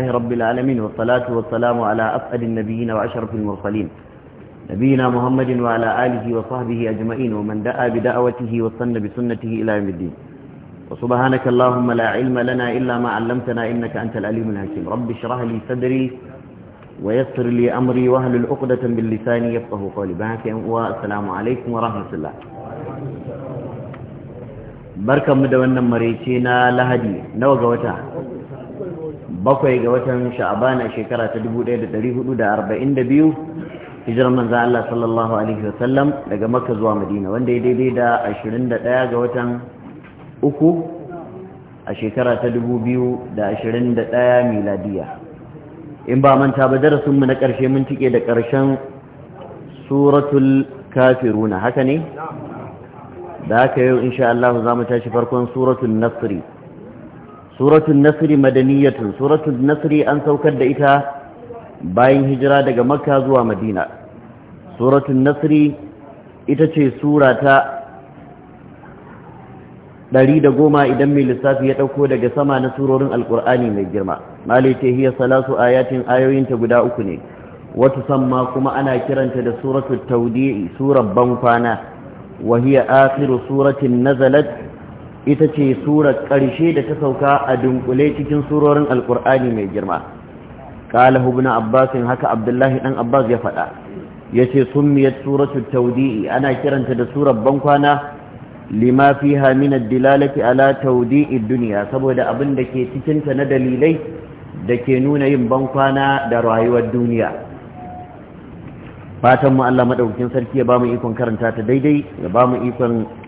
الله رب العالمين والصلاة والسلام على أفأد النبيين وأشرف المرسلين نبينا محمد وعلى آله وصحبه أجمعين ومن دعا بدعوته وصن بسنته إلى يوم الدين وسبحانك اللهم لا علم لنا إلا ما علمتنا إنك أنت الأليم الحكيم رب اشرح لي صدري ويسر لي أمري وهل العقدة باللسان يفقه قولي بانك والسلام عليكم ورحمة الله بركة da مريتينا لهدي نوغوتا bakwai ga watan sha'aban a shekara ta 1442 hijirar manzo Allah sallallahu alaihi wasallam daga makka zuwa madina wanda ya daidai da 21 ga watan uku a shekara ta 2021 miladiya in ba manta ba darasin mu na ƙarshe mun tike da ƙarshen suratul kafiruna haka ne da haka yau insha Allah za mu tashi farkon suratul nasri suratun nasri madaniyatun suratun nasri an saukar da ita bayan hijira daga makka zuwa madina suratun nasri ita ce sura ta ɗari da goma idan mai lissafi ya ɗauko daga sama na surorin alkur'ani mai girma malite hiya salasu ayatin ayoyinta guda uku ne wata samma kuma ana kiranta da suratul taudi'i surar bankwana wa hiya akhiru suratin nazalat ita ce surar ƙarshe da ta sauka a dunkule cikin surorin alkur'ani mai girma ƙala na abbas haka abdullahi ɗan abbas ya faɗa Ya ce sun miyar suratul Taudi'i, ana kiranta da surar bankwana lima fiha hamina dilalati ala Taudi'i duniya saboda abin da ke cikinta na dalilai da ke nuna yin bankwana da rayuwar duniya fatan mu Allah madaukakin sarki ya bamu ikon karanta ta daidai ya bamu ikon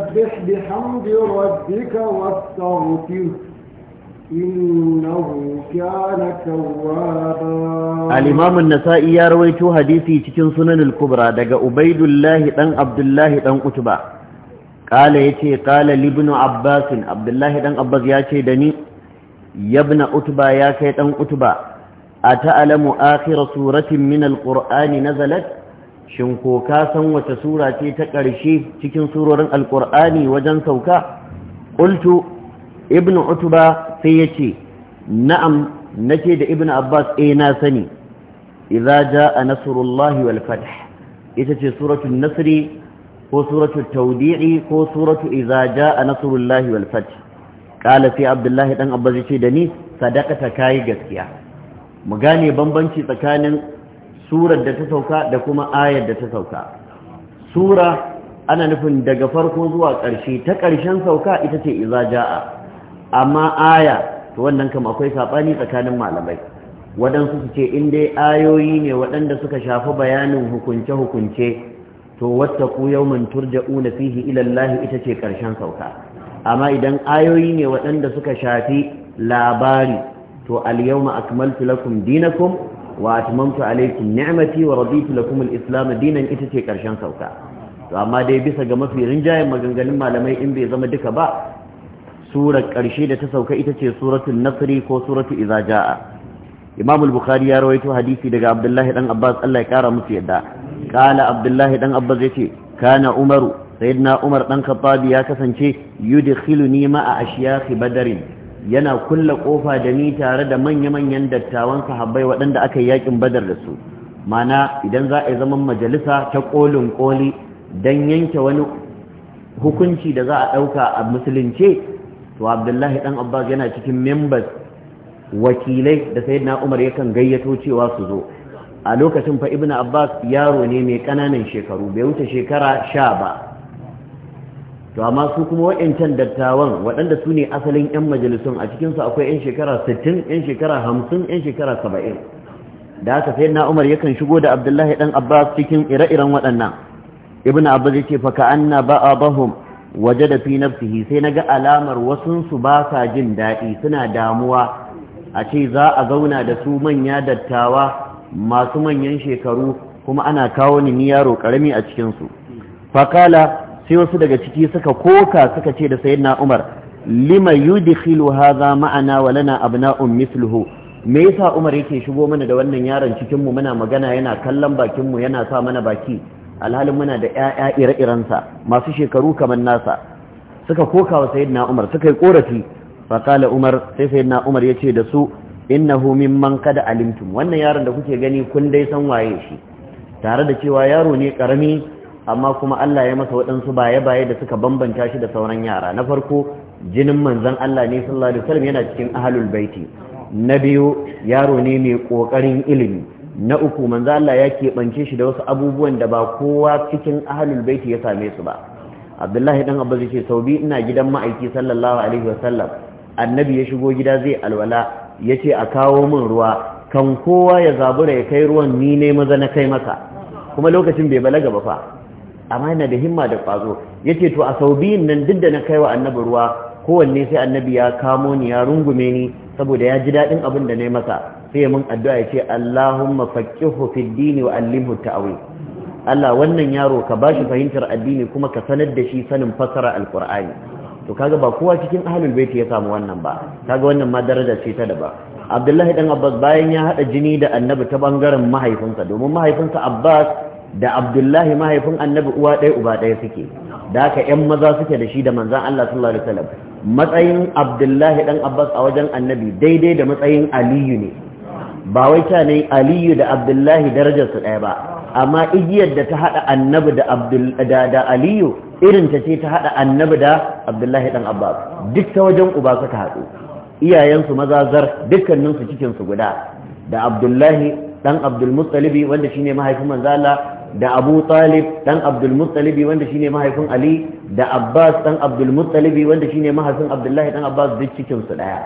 فسبح بحمد ربك واستغفره إنه كان توابا الإمام النسائي يروي حديثي تكن سنن الكبرى دقى أبيد الله تن عبد الله تن أتبع قال يتي قال لابن عباس عبد الله تن عباس ياتي دني يا ابن أتبع يا كي تن أتبع أتألم آخر سورة من القرآن نزلت shin ko ka san wace sura ce ta ƙarshe cikin surorin alƙur'ani wajen sauka ƙultu ibn utuba sai ya ce na'am nake da ibn abbas eh na sani idza jaa nasrullahi wal fath ita ce suratul nasri ko suratul tawdi'i ko suratu idza jaa nasrullahi wal fath qala fi abdullah dan abbas ce da ni sadaqata kai gaskiya mu gane bambanci tsakanin surar da ta sauka da kuma ayar da ta sauka sura ana nufin daga farko zuwa ƙarshe ta ƙarshen sauka ita ce iza ja'a amma aya to wannan kam akwai saɓani tsakanin malamai waɗansu su ce in dai ayoyi ne waɗanda suka shafi bayanin hukunce-hukunce to ku mantur da una fihi ilallahi ita ce ƙarshen sauka amma idan ayoyi ne waɗanda suka shafi labari to al-yawma akmaltu lakum dinakum wa atmamtu alaykum ni'mati wa raditu lakum al-islam dinan ita ce karshen sauka to amma dai bisa ga mafi rinjayen maganganun malamai in bai zama duka ba surar karshe da ta sauka ita ce suratul nasri ko suratul idza jaa imam al-bukhari ya rawaito hadisi daga abdullahi dan abbas Allah ya kara musu yadda kala abdullahi dan abbas yace kana umaru sayyidina umar dan khattabi ya kasance yudkhiluni ma'a ashyakh badarin yana kulla kofa da ni tare da manya-manyan dattawan sahabbai waɗanda aka yi yakin badar da su mana idan za a yi zaman majalisa ta kolin koli don yanke wani hukunci da za a ɗauka a musulunce to abdullahi ɗan abbas yana cikin membas wakilai da na umar yakan gayyato cewa su zo a lokacin fa ibn abbas yaro ne mai ƙananan shekaru bai wuce shekara sha ba to amma su kuma waɗancan dattawan waɗanda su ne asalin 'yan majalisun a cikinsu akwai 'yan shekara 60 'yan shekara 50 'yan shekara 70 da haka sai na umar yakan shigo da abdullahi ɗan abbas cikin ire-iren waɗannan ibn abbas ya ce faka an na ba abahum waje da fi nafsihi sai na ga alamar wasunsu ba sa jin daɗi suna damuwa a ce za a zauna da su manya dattawa masu manyan shekaru kuma ana kawo ni yaro ƙarami a cikinsu fakala sai wasu daga ciki suka koka suka ce da sayyidina Umar lima yudkhilu hadha ma'ana wa lana abna'un mithluhu me yasa Umar yake shigo mana da wannan yaron cikin mu muna magana yana kallon bakin mu yana sa mana baki alhalin muna da 'ya'ya ire-iren sa masu shekaru kamar nasa suka koka wa sayyidina Umar suka yi korafi fa kala Umar sai sayyidina Umar yace da su innahu mimman kada alimtum wannan yaron da kuke gani kun dai san waye shi tare da cewa yaro ne karami amma kuma Allah ya masa waɗansu baye-baye da suka bambanta shi da sauran yara na farko jinin manzan Allah ne sallallahu alaihi wasallam yana cikin ahlul baiti na biyu yaro ne mai kokarin ilimi na uku manzan Allah ya keɓance shi da wasu abubuwan da ba kowa cikin ahlul baiti ya same su ba Abdullahi dan Abbas yace sau bi ina gidan ma'aiki sallallahu alaihi wasallam annabi ya shigo gida zai alwala yace a kawo min ruwa kan kowa ya zabura ya kai ruwan ni ne maza na kai maka. kuma lokacin bai balaga ba fa amma yana da himma da ƙwazo ce to a sau biyun nan duk da na kai wa annabi ruwa kowanne sai annabi ya kamo ni ya rungume ni saboda ya ji daɗin abin da na yi masa sai ya mun addu'a ya ce Allahumma faqihu fid dini wa allimhu ta'wil Allah wannan yaro ka bashi fahimtar addini kuma ka sanar da shi sanin fasara alqur'ani to kaga ba kowa cikin ahlul bait ya samu wannan ba kaga wannan ma daraja ce ta daba Abdullahi dan Abbas bayan ya hada jini da Annabi ta bangaren mahaifinsa domin mahaifinsa Abbas da abdullahi mahaifin annabi uwa ɗaya uba ɗaya suke da haka yan maza suke da shi da manzan Allah sallallahu alaihi wasallam matsayin abdullahi dan abbas a wajen annabi daidai da matsayin aliyu ne ba wai ta ne aliyu da abdullahi darajarsu ɗaya ba amma igiyar da ta haɗa annabi da da aliyu irin ta ce ta haɗa annabi da abdullahi dan abbas duk ta wajen uba suka haɗu iyayensu maza zar dukkaninsu cikinsu guda da abdullahi dan abdulmuttalibi wanda shine mahaifin manzo da abu talib dan abdul muttalibi wanda shine mahaifin ali da abbas dan abdul muttalibi wanda shine mahaifin abdullahi dan abbas duk cikin su daya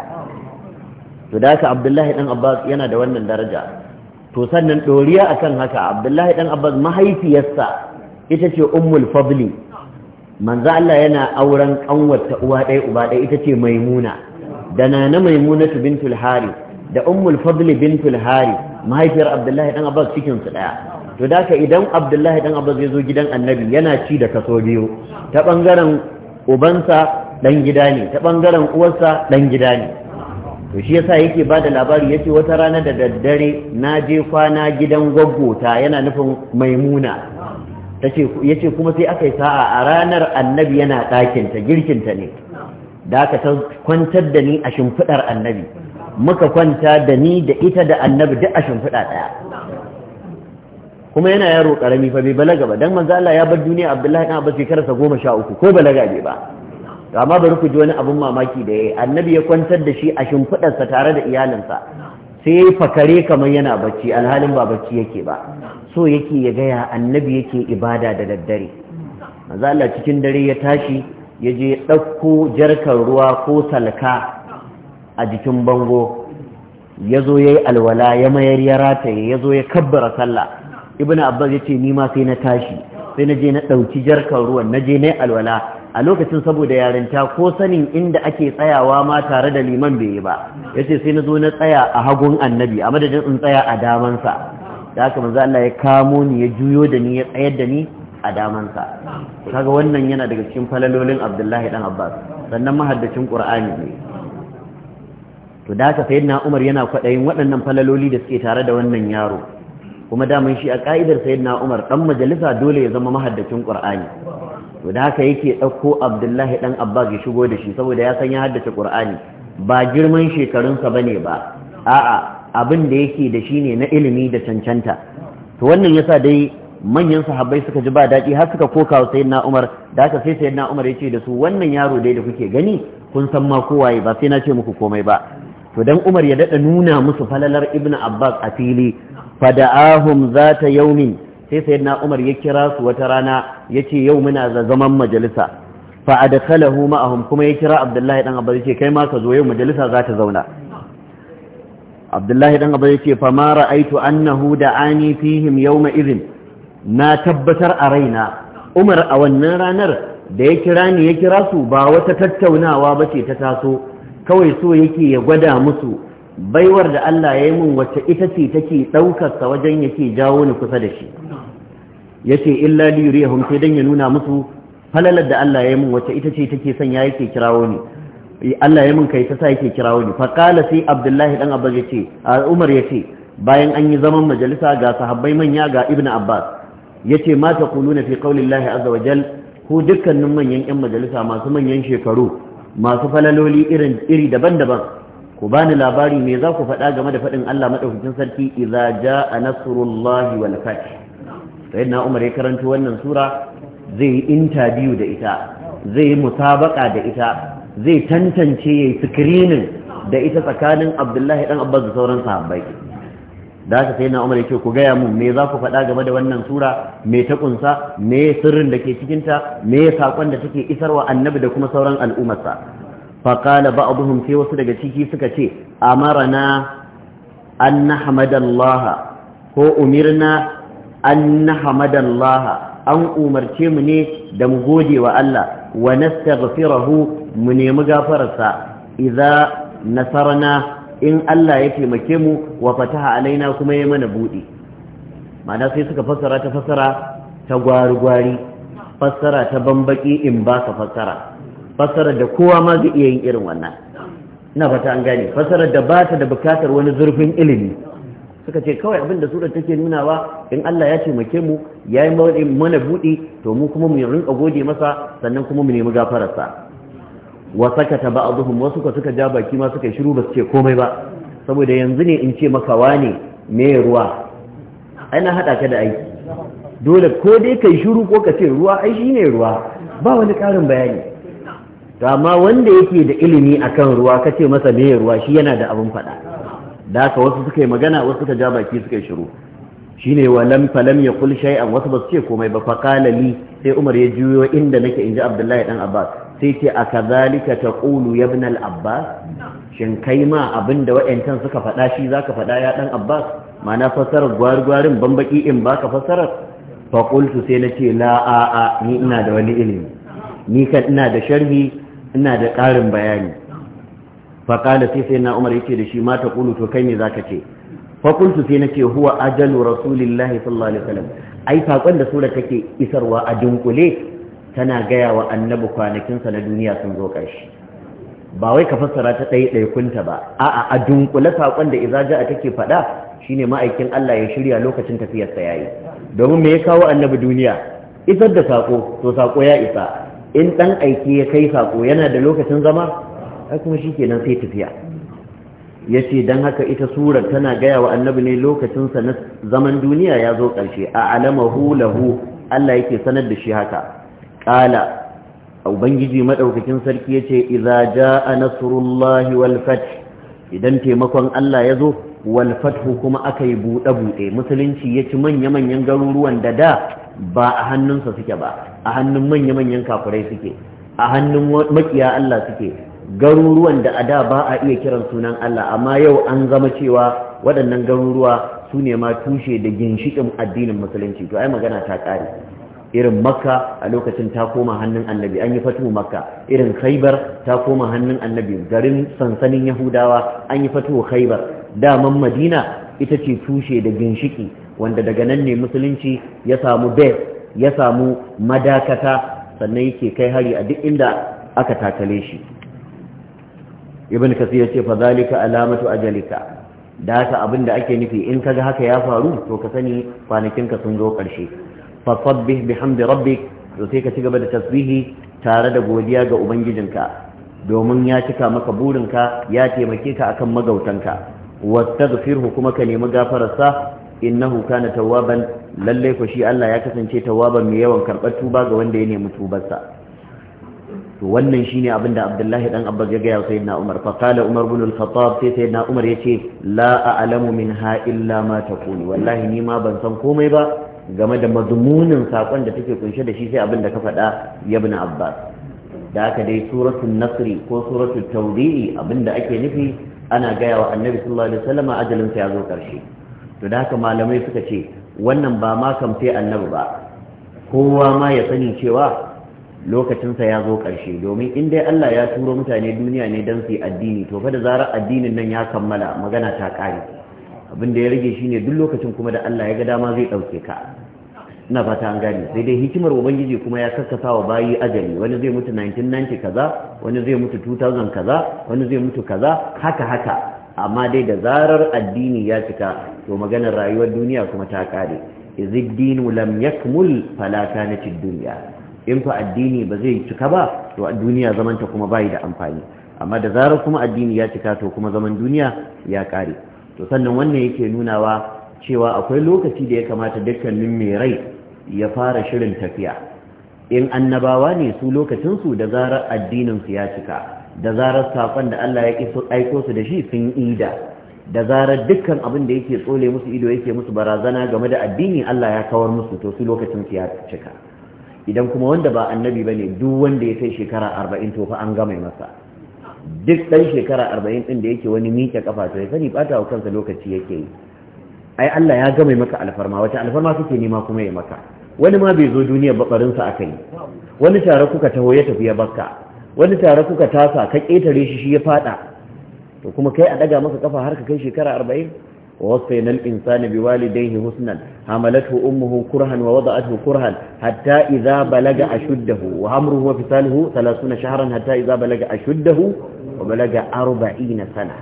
to da abdullahi dan abbas yana da wannan daraja to sannan doriya akan haka abdullahi dan abbas mahaifiyarsa ita ce ummul fadli manzo Allah yana auren kanwarta uwa ɗaya uba ɗaya ita ce maimuna da nana maimunatu bintul hari da ummul fadli bintul hari mahaifiyar abdullahi dan abbas cikin su daya to da ka idan abdullahi dan abbas zai zo gidan annabi yana ci da kaso biyu ta ɓangaren ubansa dan gida ne ta ɓangaren uwarsa dan gida ne to shi yasa yake ba da labari ya ce wata rana da daddare na je kwana gidan gwaggota yana nufin maimuna Ya ce kuma sai aka yi sa'a a ranar annabi yana ɗakinta girkinta ne da aka ta kwantar da ni a shimfiɗar annabi muka kwanta da ni da ita da annabi duk a shimfiɗa ɗaya kuma yana yaro karami fa bai balaga ba dan manzo Allah ya bar duniya Abdullahi dan Abbas shekara 13 ko balaga bai ba amma bari ku ji wani abun mamaki da yayi annabi ya kwantar da shi a shimfidar sa tare da iyalinsa sai fakare kamar yana bacci alhalin ba bacci yake ba so yake ya ga ya annabi yake ibada da daddare manzo Allah cikin dare ya tashi ya je dauko jarkar ruwa ko salka a jikin bango ya zo ya yi alwala ya mayar ya rataye ya zo ya kabbara sallah ibn abbas ya ce ni ma sai na tashi sai na je na ɗauki jarkar ruwan na je na alwala a lokacin saboda yarinta ko sanin inda ake tsayawa ma tare da liman bai yi ba ya ce sai na zo na tsaya a hagun annabi a madadin in tsaya a damansa da haka manzo Allah ya kamo ni ya juyo da ni ya tsayar da ni a damansa kaga wannan yana daga cikin falalolin Abdullahi dan Abbas sannan mahaddacin Qur'ani ne to da haka sayyidina Umar yana kwadayin waɗannan falaloli da suke tare da wannan yaro kuma daman shi a ka'idar na Umar dan majalisa dole ya zama mahaddacin Qur'ani to da haka yake dauko Abdullahi dan Abbas ya shigo da shi saboda ya san ya haddace Qur'ani ba girman shekarunsa bane ba a'a abin da yake da shi ne na ilimi da cancanta to wannan yasa dai manyan sahabbai suka ji ba daɗi har suka koka wa na Umar da haka sai na Umar ya ce da su wannan yaro dai da kuke gani kun san ma kowaye ba sai na ce muku komai ba to dan Umar ya dada nuna musu falalar ibnu Abbas a fili fada'ahum zata yaumin sai sayyidina Umar ya kira su wata rana yace yau muna da zaman majalisa fa adkhalahu ma'ahum kuma ya kira Abdullahi dan Abbas ce kai ma ka zo yau majalisa za ta zauna Abdullahi dan Abbas ce fa ma ra'aitu annahu da'ani fihim yawma idhin na tabbatar a raina Umar a wannan ranar da ya kira ni ya kira su ba wata tattaunawa ba ce ta taso kawai so yake ya gwada musu baiwar da Allah ya yi mun wacce ita ce take ɗaukarsa wajen yake jawo ni kusa da shi yace illa li yurihum sai dan ya nuna musu falalar da Allah ya yi mun wacce ita ce take son ya yake kirawo ni Allah ya yi mun kai ta sa yake kirawo ni fa sai Abdullahi dan Abbas yace Umar yace bayan an yi zaman majalisa ga sahabbai manya ga Ibn Abbas yace ma kuluna fi qawli Allah azza wa jal ku dukkanin manyan yan majalisa masu manyan shekaru masu falaloli irin iri daban-daban ku bani labari me za ku faɗa game da faɗin Allah madaukakin sarki idza jaa nasrullahi wal fath sayyidina Umar ya karanto wannan sura zai yi interview da ita zai yi musabaka da ita zai tantance yayi screening da ita tsakanin Abdullahi dan Abbas da sauran sahabbai da haka sai na umar yake ku gaya mun me za ku faɗa game da wannan sura me ta kunsa me sirrin da ke cikinta me saƙon da take isarwa annabi da kuma sauran al'ummarsa faƙala ba'aduhum sai wasu daga ciki suka ce amarana an nahmadallaha ko umirna an nahmadallaha an umarce mu ne da mu gode wa Allah wa nastaghfirahu mu nemi gafararsa idza nasarna in Allah ya taimake mu wa fataha alaina kuma ya mana buɗe ma'ana sai suka fassara ta fassara ta gwari-gwari fassara ta bambaki in ba ka fassara fasarar da kowa ma zai iya yin irin wannan na fata an gane fasarar da bata da bukatar wani zurfin ilimi suka ce kawai abin da surar take nunawa in Allah ya ce mu ya yi mana buɗi to mu kuma mu rinka gode masa sannan kuma mu nemi gafararsa wa sakata ba'dhum wasu suka suka ja baki ma suka shiru ba su ce komai ba saboda yanzu ne in ce maka wane me ruwa ai na hada ka da aiki dole ko dai kai shiru ko ka ce ruwa ai shine ruwa ba wani karin bayani to amma wanda yake da ilimi akan ruwa kace masa meye ruwa shi yana da abin faɗa da haka wasu suka yi magana wasu suka ja baki suka yi shiru shine wa lam falam kul shay'an wasu ba su ce komai ba faqala li sai Umar ya juyo inda nake inji Abdullahi dan Abbas sai ce a ta taqulu ya ibn al-Abbas shin kai ma abin da wayancan suka faɗa shi zaka faɗa ya dan Abbas ma'ana fasarar gwargwarin banbaki in baka fasarar fa qultu sai nace la a a ni ina da wani ilimi ni kan ina da sharhi ina da ƙarin bayani faƙala sai sai na umar yake da shi ma ta ƙulu to kai ne za ka ce fakultu sai na ce huwa ajalu rasulillahi sallallahu alaihi wasallam ai saƙon da sura take isarwa a dunkule tana gaya wa annabi kwanakinsa na duniya sun zo ƙarshe ba wai ka fassara ta ɗaya ɗaya kunta ba a'a a dunkule saƙon da izaja a take faɗa shine ma'aikin Allah ya shirya lokacin tafiyarsa yayi domin me ya kawo annabi duniya isar da saƙo to saƙo ya isa in ɗan aiki ya kai sako yana da lokacin zama a kuma nan sai tafiya Ya ce don haka ita surar tana gaya wa annabi ne lokacinsa na zaman duniya ya zo ƙarshe, a alama hulahu Allah yake sanar da shi haka a ubangiji madaukakin sarki ya ce, Iza ja a wal walfat. idan taimakon Allah ya zo walfatu kuma aka yi buɗe-buɗe musulunci ya ci manya-manyan garuruwan da da ba a hannunsa suke ba a hannun manya-manyan kafirai suke a hannun makiya Allah suke garuruwan da a da ba a iya kiran sunan Allah amma yau an zama cewa waɗannan garuruwa su ne ma tushe da ginshiƙin addinin musulunci to ai magana ta ƙare irin makka a lokacin ta koma hannun annabi an yi fatuwa makka irin khaibar ta koma hannun annabi garin sansanin yahudawa an yi fatuwa khaibar daman madina ita ce tushe da ginshiki wanda daga nan ne musulunci ya samu base ya samu madakata sannan yake kai hari a duk inda aka takale shi ibn kasir yace fa zalika alamatu ajalika da haka da ake nufi in kaga haka ya faru to ka sani kwanakinka sun zo ƙarshe. fa sabbih bihamdi rabbik to sai ka cigaba da tasbihi tare da godiya ga ubangijinka domin ya cika maka burinka ya taimake ka akan magautanka wastaghfirhu kuma ka nemi gafararsa innahu kana tawwaban lalle ko shi Allah ya kasance tawwaban mai yawan karbar tuba ga wanda ya nemi tubarsa to wannan shine abin da Abdullahi dan Abbas ya ga ya sayyidina Umar fa qala Umar ibn al-Khattab sai sayyidina Umar yace la a'lamu minha illa ma taqulu wallahi ni ma ban san komai ba game da mazmunin sakon da take kunshe da shi sai abin da ka faɗa ya ibn Abbas da haka dai suratul nasri ko suratul tawdi'i abinda ake nufi ana gaya wa annabi sallallahu alaihi wasallam ajalin sa ya zo karshe to da haka malamai suka ce wannan ba ma kamfe annabi ba kowa ma ya sani cewa lokacinsa ya zo ƙarshe domin in dai Allah ya turo mutane duniya ne don su yi addini to fa da zarar addinin nan ya kammala magana ta ƙare abin da ya rage shine duk lokacin kuma da Allah ya ga dama zai ɗauke ka ina fata an gane sai dai hikimar ubangiji kuma ya karkasa wa bayi ajali wani zai mutu 1990 kaza wani zai mutu 2000 kaza wani zai mutu kaza haka haka amma dai da zarar addini ya cika to maganar rayuwar duniya kuma ta kare iziddinu lam yakmul fala kanatid dunya in fa addini ba zai cika ba to duniya zamanta kuma bai da amfani amma da zarar kuma addini ya cika to kuma zaman duniya ya kare to sannan wannan yake nunawa cewa akwai lokaci da ya kamata dukkanin mai rai ya fara shirin tafiya in annabawa ne su lokacinsu da zarar addininsu ya cika da zarar saƙon da Allah ya aiko su da shi sun yi ida da zarar dukkan abin da yake tsole musu ido yake musu barazana game da addini Allah ya kawar musu to su lokacin su ya cika idan kuma wanda ba annabi ne duk wanda ya kai shekara arba'in to fa an gama masa duk ɗan shekara arba'in ɗin da yake wani miƙe kafa to ya sani ɓata wa kansa lokaci yake yi ai Allah ya gama maka alfarma wata alfarma suke nema kuma ya maka wani ma bai zo duniya babarinsa aka yi wani tare kuka taho ya tafi ya bakka wani tare kuka tasa ka ƙetare shi shi ya fada to kuma kai a daga maka kafa har ka kai shekara 40 wa wasfai nan insani bi walidaihi husnan hamalatu ummuhu kurhan wa wada'atuhu kurhan hatta idza balaga ashuddahu wa amruhu wa fisaluhu 30 shahran hatta idza balaga ashuddahu wa balaga 40 sana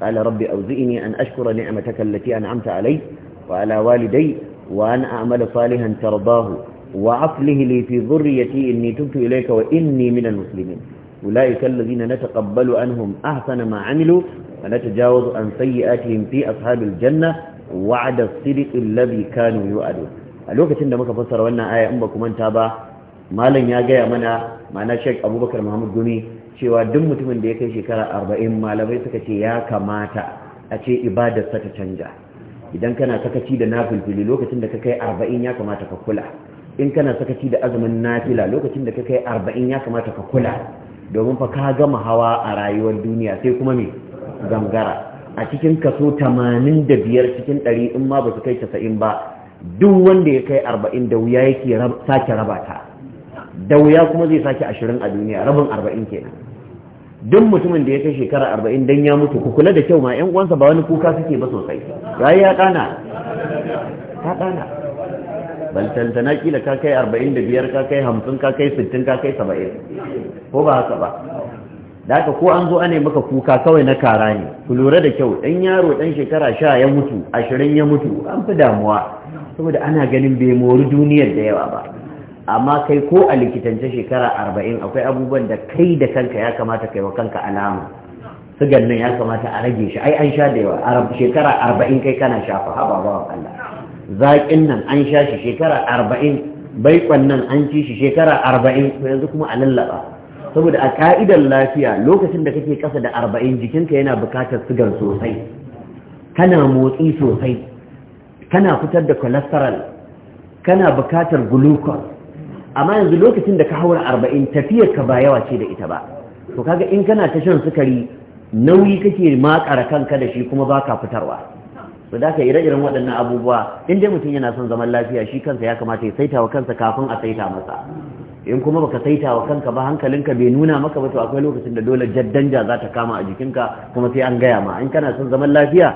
qala rabbi awzi'ni an ashkura ni'mataka allati an'amta alay wa ala waliday wa an a'mala salihan tardahu wa aflihi li fi dhurriyyati inni tubtu ilayka wa inni minal muslimin أولئك الذين نتقبل عنهم أحسن ما عملوا ونتجاوز عن سيئاتهم في أصحاب الجنة وعد الصدق الذي كانوا يؤدون الوقت عندما فسر وانا آية أمكم أنت أبا ba malam ya gaya معنا ma'ana أبو بكر محمد قمي cewa duk mutumin da ya kai shekara arba'in malamai suka ce ya kamata a ce ibadarsa ta canja idan kana sakaci da nafilfili lokacin da ka kai arba'in ya kamata ka kula in kana sakaci da azumin nafila lokacin da ka kai arba'in ya kamata ka kula domin fa ka gama hawa a rayuwar duniya sai kuma me gangara a cikin kaso 85 cikin 100 in ma ba su kai 90 ba duk wanda ya kai 40 da wuya yake sake raba ta da wuya kuma zai sake 20 a duniya rabin 40 kenan duk mutumin da ya kai shekara 40 dan ya mutu ku kula da kyau ma yan uwansa ba wani kuka suke ba sosai rayuwa kana ta kana baltantana kila ka kai arba'in da biyar ka kai hamsin ka kai sittin ka kai saba'in ko ba haka ba da haka ko an zo ane maka kuka kawai na kara ne ku lura da kyau ɗan yaro ɗan shekara sha ya mutu ashirin ya mutu an fi damuwa saboda ana ganin bai mori duniyar da yawa ba amma kai ko a likitance shekara arba'in akwai abubuwan da kai da kanka ya kamata kai wa kanka alama sigan nan ya kamata a rage shi ai an sha da yawa shekara arba'in kai kana shafa haba wa Allah zaƙin nan an sha shi shekara arba'in baiƙon nan an ci shi shekara arba'in yanzu kuma a lallaba saboda a ka'idar lafiya lokacin da kake ƙasa da arba'in jikinka yana buƙatar sigar sosai kana motsi sosai kana fitar da cholesterol kana buƙatar glucose amma yanzu lokacin da ka haura arba'in tafiyar ka ba yawa ce da ita ba to kaga in kana ta shan sukari nauyi kake makara kanka da shi kuma baka fitarwa to da ka ire irin waɗannan abubuwa in dai mutum yana son zaman lafiya shi kansa ya kamata ya saita wa kansa kafin a saita masa in kuma baka saita wa kanka ba hankalinka bai nuna maka ba to akwai lokacin da dole jaddanja za ta kama a jikinka kuma sai an gaya ma in kana son zaman lafiya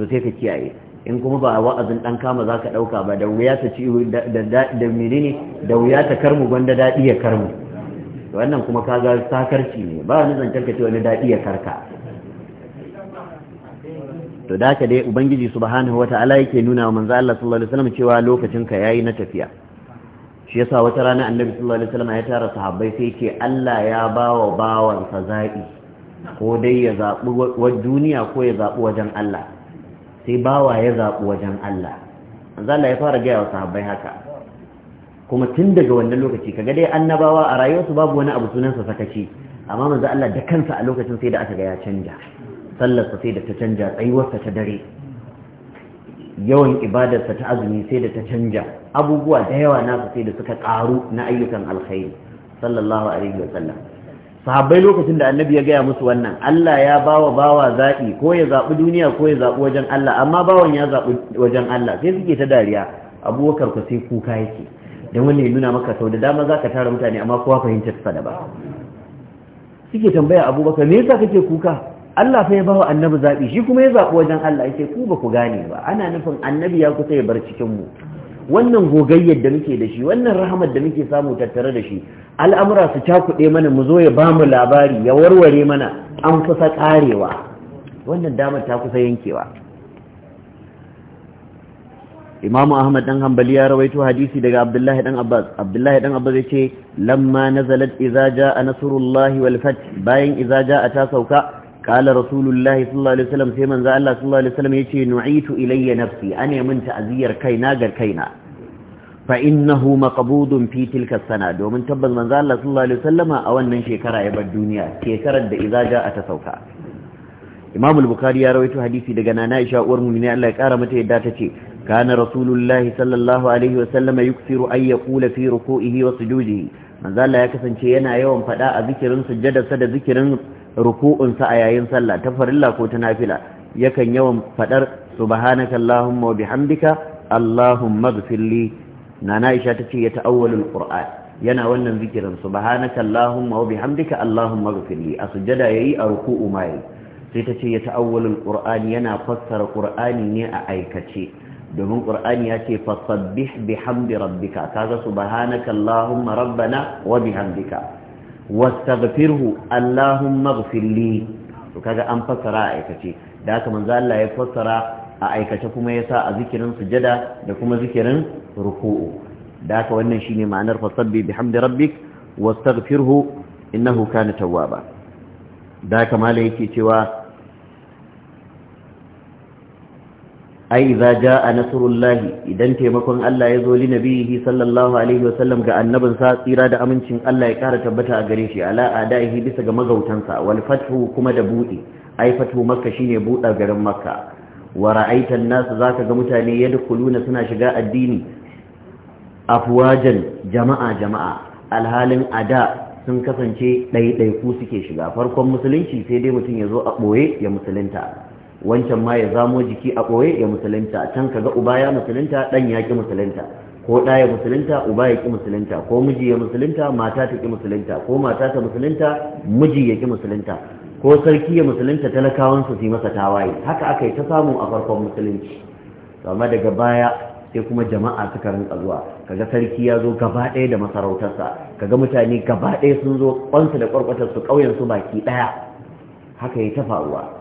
to sai ka kiyaye in kuma ba wa'azin dan kama za ka ɗauka ba da wuya ta ci da menene da wuya ta karmu gwanda daɗi ya karmu wannan kuma kaga sakarci ne ba wani zancen ka ce wani daɗi ya karka to da haka dai ubangiji subhanahu wa ta'ala yake nuna wa manzo Allah sallallahu alaihi wasallam cewa lokacin ka yayi na tafiya shi yasa wata rana annabi sallallahu alaihi wasallam ya tara sahabbai sai yake Allah ya bawa bawan sa zabi ko dai ya zabi wa duniya ko ya zabi wajen Allah sai bawa ya zabi wajen Allah manzo Allah ya fara ga wa sahabbai haka kuma tun daga wannan lokaci kaga dai annabawa a rayuwarsu babu wani abu sunansa sakaci amma manzo Allah da kansa a lokacin sai da aka ga ya canja sallarsa sai da ta canja tsayuwarsa ta dare yawan ibadarsa ta azumi sai da ta canja abubuwa da yawa nasa sai da suka karu na ayyukan alkhairi sallallahu alaihi wa sallam sahabbai lokacin da annabi ya gaya musu wannan Allah ya bawa bawa zaɓi ko ya zaɓi duniya ko ya zaɓi wajen Allah amma bawan ya zaɓi wajen Allah sai suke ta dariya abubakar ku sai kuka yake don wannan ya nuna maka sau da dama zaka tara mutane amma kowa fahimtar sa da ba suke tambaya abubakar me yasa kake kuka Allah fa ya bawa annabi zaɓi shi kuma ya zaɓi wajen Allah ya ce ku ba ku gane ba ana nufin annabi ya kusa ya bar cikin mu wannan gogayyar da muke da shi wannan rahamar da muke samu tattare da shi al'amura su cakuɗe mana mu zo ya ba mu labari ya warware mana an kusa ƙarewa wannan damar ta kusa yankewa imamu ahmad dan hanbali ya rawaito hadisi daga abdullahi dan abbas abdullahi dan abbas ya ce lamma nazalat idza jaa nasrullahi wal fath bayan idza jaa ta sauka kala rasulullahi sallallahu alaihi wasallam sai manzo Allah sallallahu alaihi wasallam yace nu'itu ilayya nafsi ana min ta'ziyar kaina ga kaina fa innahu maqbudun sana domin tabbas manzo Allah sallallahu alaihi wasallama a wannan shekara ya bar duniya shekarar da idza a ta sauka Imam al ya rawaito hadisi daga Nana Aisha uwar mu'mini Allah ya kara mata yadda ce kana rasulullahi sallallahu alaihi wasallama yuksiru ay yaqula fi ruku'ihi wa sujudihi manzo Allah ya kasance yana yawan fada a zikirin sujjadarsa da zikirin ruku'unsa a yayin sallah ta farilla ko ta nafila yakan yawan fadar subhanaka allahumma wa bihamdika allahumma ighfirli nana aisha tace ya ta'awwalu alquran yana wannan zikirin subhanaka allahumma wa bihamdika allahumma ighfirli a sujjada yayi a ruku'u ma yayi sai tace ya ta'awwalu alquran yana fassara qur'ani ne a aikace domin qur'ani ya ce fasabbih bihamdi rabbika kaga subhanaka allahumma rabbana wa bihamdika wastaghfirhu allahumma ighfir li to kaga an fassara a aikace da haka manzo Allah ya fassara a aikace kuma yasa a zikirin sujada da kuma zikirin ruku'u da haka wannan shine ma'anar fasabbi bihamdi rabbik Inna innahu kana tawwaba da haka mala yake cewa ai za ja a nasarullahi idan taimakon Allah ya zo linabihi sallallahu alaihi wasallam ga annabin sa tsira da amincin Allah ya kara tabbata a gare shi ala adaihi bisa ga magautansa wal fathu kuma da buɗe ai fathu makka shine buɗa garin makka wa ra'aita an-nas zaka ga mutane yadkhuluna suna shiga addini afwajan jama'a jama'a alhalin a da sun kasance ɗaiɗaiku suke shiga farkon musulunci sai dai mutum ya zo a ɓoye ya musulunta wancan ma ya zamo jiki a ɓoye ya musulunta can ka ga uba ya musulunta ɗan ya ki musulunta ko ɗa ya musulunta uba ya ki musulunta ko miji ya musulunta mata ta ki musulunta ko mata ta musulunta miji ya ki musulunta ko sarki ya musulunta talakawan su yi masa tawaye haka aka yi ta samu a farkon musulunci amma daga baya sai kuma jama'a suka rinka zuwa kaga sarki ya zo gaba ɗaya da masarautarsa kaga mutane gaba ɗaya sun zo kwansu da kwarkwatar su ƙauyen su baki ɗaya haka yi ta faruwa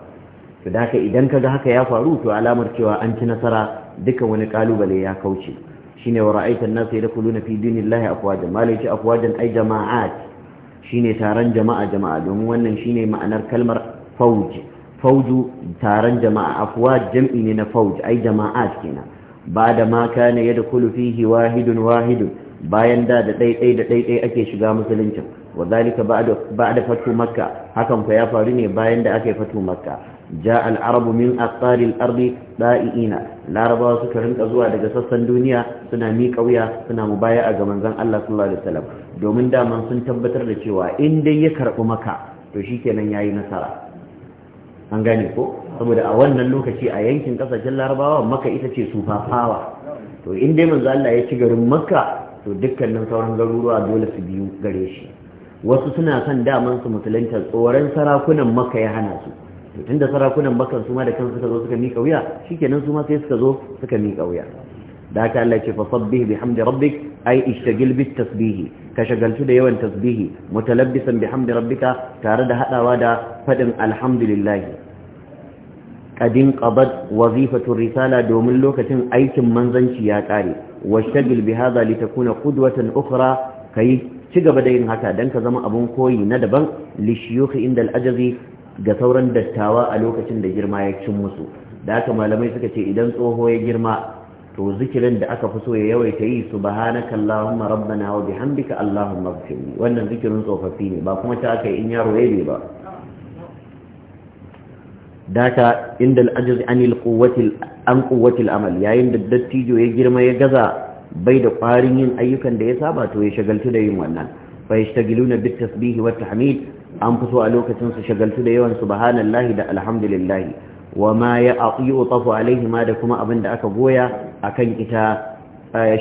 su da ka idan ga haka ya faru to alamar cewa an ci nasara duka wani kalubale ya kauce shine wa ra'aita an-nasa na fi dinillahi afwajan malai ce afwajan ai jama'at shine taron jama'a jama'a domin wannan shine ma'anar kalmar fauj fauju taron jama'a afwaj jam'i ne na fauj ai jama'at kenan ba da ma ya yadkhulu fihi wahidun wahidun bayan da da ɗaiɗai da ɗaiɗai ake shiga musuluncin wa zalika ba'da fatu makka hakan fa ya faru ne bayan da aka yi fatu makka ja al-arabu min aqsari al-ardi da'iina larabawa suka rinka zuwa daga sassan duniya suna miƙa wuya suna a ga manzon Allah sallallahu alaihi wasallam domin daman sun tabbatar da cewa in dai ya karɓi maka to shikenan yayi nasara an gane ko saboda a wannan lokaci a yankin kasashen larabawa maka ita ce sufa fawa to in dai manzo Allah ya ci garin makka to dukkanin sauran garuruwa dole su biyu gare shi wasu suna son daman su musulunta tsoron sarakunan maka ya hana su tun tunda sarakunan maka su ma da kansu suka zo suka miƙa wuya shikenan su ma sai suka zo suka mika wuya da haka Allah ce fasabbih bihamdi rabbik ai ishtagil bit tasbih ka shagaltu da yawan tasbihi mutalabbisan bihamdi rabbika tare da hadawa da fadin alhamdulillah kadin qabad wazifatu risala domin lokacin aikin manzanci ya kare washtagil bihadha litakuna qudwatan ukhra kai ci gaba da yin haka don ka zama abun koyi na daban lishiyuhi inda al'ajazi ga sauran dattawa a lokacin da girma ya cin musu da aka malamai suka ce idan tsoho ya girma to zikirin da aka fi so ya yawaita yi subhanaka allahumma rabbana wa bihamdika allahumma ighfirli wannan zikirin tsofaffi ne ba kuma ta aka in yaro yayi ba data inda al'ajazi an quwwati amal, yayin da dattijo ya girma ya gaza bai da ƙwarin yin ayyukan da ya saba to ya shagaltu da yin wannan fa yashtagiluna bit tasbihi wa tahmid an fito a lokacin su shagaltu da yawan subhanallahi da alhamdulillahi. wa ma ya'tiyu alaihi ma da kuma abin da aka goya akan ita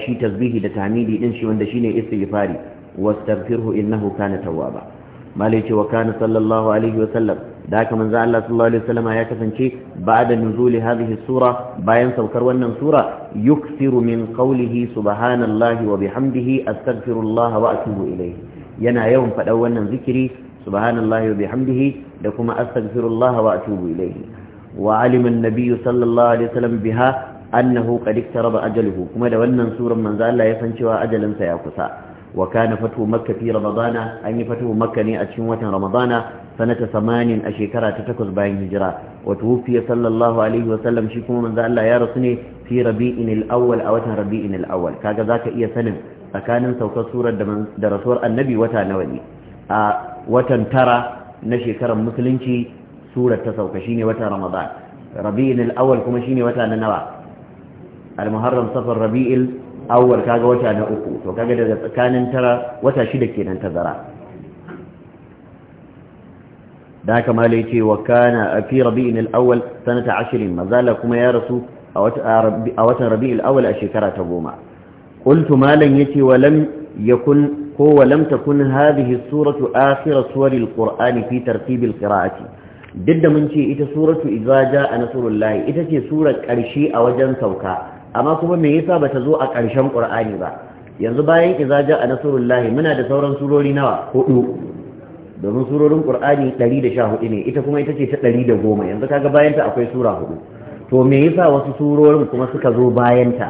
shi tasbihi da tahmidi din shi wanda shine istighfari wastaghfirhu innahu kana tawwaba malai ce wa kana sallallahu alaihi wa sallam da haka manzo Allah sallallahu alaihi wasallam ya kasance ba'da nuzuli hadhihi sura bayan saukar wannan sura yuksiru min qawlihi subhanallahi wa bihamdihi astaghfirullah wa atubu ilayhi yana yawan faɗa wannan zikiri subhanallahi wa bihamdihi da kuma astaghfirullah wa atubu ilayhi wa alima an-nabiy sallallahu alaihi wasallam biha annahu qad iktaraba ajaluhu kuma da wannan suran manzo Allah ya san cewa ajalinsa ya kusa wa kana fatu makka fi ramadana an yi fatu makka ne a cikin watan ramadana sanata samanin a shekara ta takwas bayan hijira wa tuwfiya sallallahu alaihi wa sallam shi kuma manzo Allah ya rasu ne fi rabi'in al-awwal a watan rabi'in al-awwal kaga zaka iya sanin tsakanin saukar surar da rasuwar annabi wata nawa ne a watan tara na shekarar musulunci surar ta sauka shine wata ramadan rabi'in al-awwal kuma shine wata na nawa al-muharram safar rabi'il awwal kaga wata na uku to kaga daga tsakanin tara wata shida kenan tazara da haka malai ce wa kana fi rabi'in al-awwal sanata 20 mazala kuma ya rasu a watan rabi'il awwal a shekara ta goma Malam ya ce, wa ya yakun ko wa lam takun suratu akhir suwar al fi tartib qiraati duk da mun ce ita suratu idza jaa nasrullahi ita ce surar karshe a wajen sauka amma kuma me yasa bata zo a ƙarshen ƙur'ani ba yanzu bayan izaja a nasarullahi muna da sauran surori nawa hudu domin surorin qur'ani 114 ne ita kuma ita ce ta goma. yanzu kaga bayan ta akwai sura hudu to me yasa wasu surorin kuma suka zo bayanta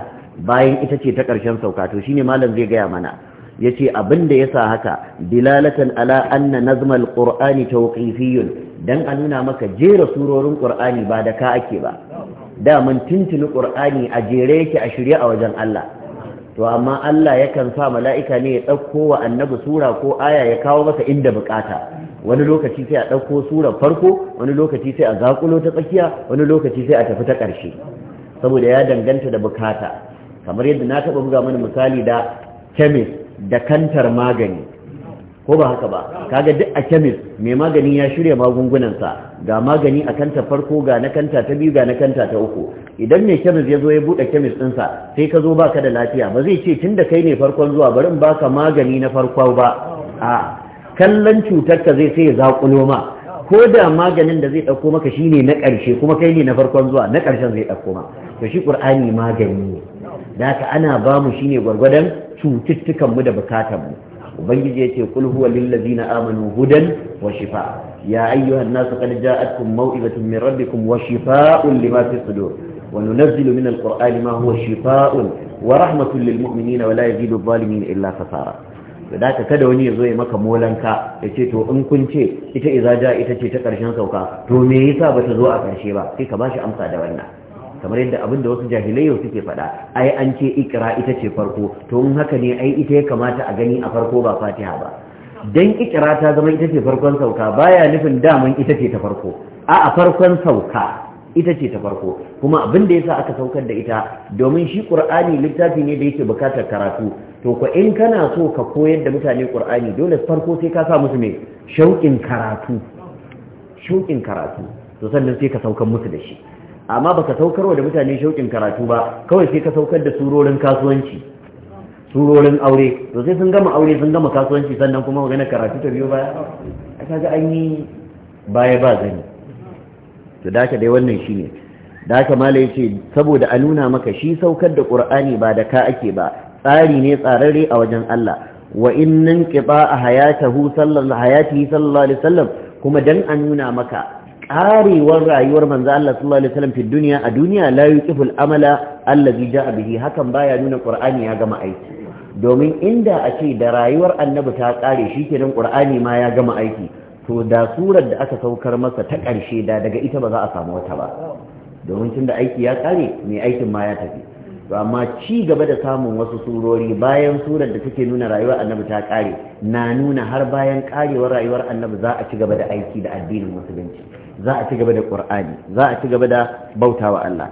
bayan ita ce ta ƙarshen sauka to shine malam zai gaya mana Ya ce abin da yasa haka dilalatan ala anna nazmal qur'ani tawqifiyun dan a nuna maka jera surorin qur'ani ba da ka ake ba da mun tuntuni qur'ani a jere yake a shirye a wajen Allah to amma Allah yakan sa mala'ika ne ya ɗauko wa annabi sura ko aya ya kawo masa inda bukata wani lokaci sai a ɗauko surar farko wani lokaci sai a zaƙulo ta tsakiya wani lokaci sai a tafi ta ƙarshe saboda ya danganta da bukata kamar yadda na taɓa buga mana misali da kemis da kantar magani ko ba haka ba kaga duk a kemis mai magani ya shirya magungunansa ga magani a kanta farko ga na kanta ta biyu ga na kanta ta uku idan mai kemis ya zo ya buɗe kemis ɗinsa sai ka zo baka da lafiya ba zai ce tun da kai ne farkon zuwa bari in baka magani na farko ba a kallon cutarka zai sai ya zaƙulo ma ko da maganin da zai ɗauko maka shine na ƙarshe kuma kai ne na farkon zuwa na ƙarshen zai ɗauko ma to shi ƙur'ani magani ne da ana ba mu shine gwargwadon cututtukanmu da bukatanmu ubangiji ce qul huwa lil amanu hudan wa shifa ya ayyuhan nasu qad ja'atkum maw'izatun min rabbikum wa shifaa'un lima fi sudur wa nunazzilu min alqur'ani ma huwa shifa'un. wa rahmatun lil mu'minina wa la yazidu adh-dhalimin illa khasara da ka kada wani ya zo ya maka molanka ya ce to in kun ce ita izaja ita ce ta ƙarshen sauka to me yasa ba ta zo a ƙarshe ba sai ka bashi amsa da wannan kamar yadda abin da wasu jahilai yau suke faɗa ai an ce ikra ita ce farko to in haka ne ai ita ya kamata a gani a farko ba fatiha ba dan ikra ta zama ita ce farkon sauka baya nufin daman ita ce ta farko a a farkon sauka ita ce ta farko kuma abin da yasa aka saukar da ita domin shi qur'ani littafi ne da yake bukatar karatu to ko in kana so ka koyar da mutane qur'ani dole farko sai ka sa musu ne shauƙin karatu shauƙin karatu to sannan sai ka saukar musu da shi amma baka saukarwa da mutane shauƙin karatu ba kawai sai ka saukar da surorin kasuwanci surorin aure to sai sun gama aure sun gama kasuwanci sannan kuma magana karatu ta biyo baya a kaga an yi baya ba zani to da dai wannan shine da haka mala ce saboda a nuna maka shi saukar da qur'ani ba da ka ake ba tsari ne tsararre a wajen Allah wa innan qita hayatahu sallallahu hayatihi sallallahu alaihi wasallam kuma dan a nuna maka karewar rayuwar manzo Allah sallallahu alaihi wasallam fi duniya a duniya la yuqiful amala allazi ja'a bihi hakan baya nuna qur'ani ya gama aiki domin inda a ce da rayuwar annabi ta kare kenan qur'ani ma ya gama aiki to da surar da aka saukar masa ta karshe da daga ita ba za a samu wata ba domin tunda aiki ya kare mai aikin ma ya tafi to amma ci gaba da samun wasu surori bayan surar da take nuna rayuwar annabi ta kare na nuna har bayan karewar rayuwar annabi za a ci gaba da aiki da addinin musulunci za a ci gaba da ƙur'ani. za a ci gaba da bautawa Allah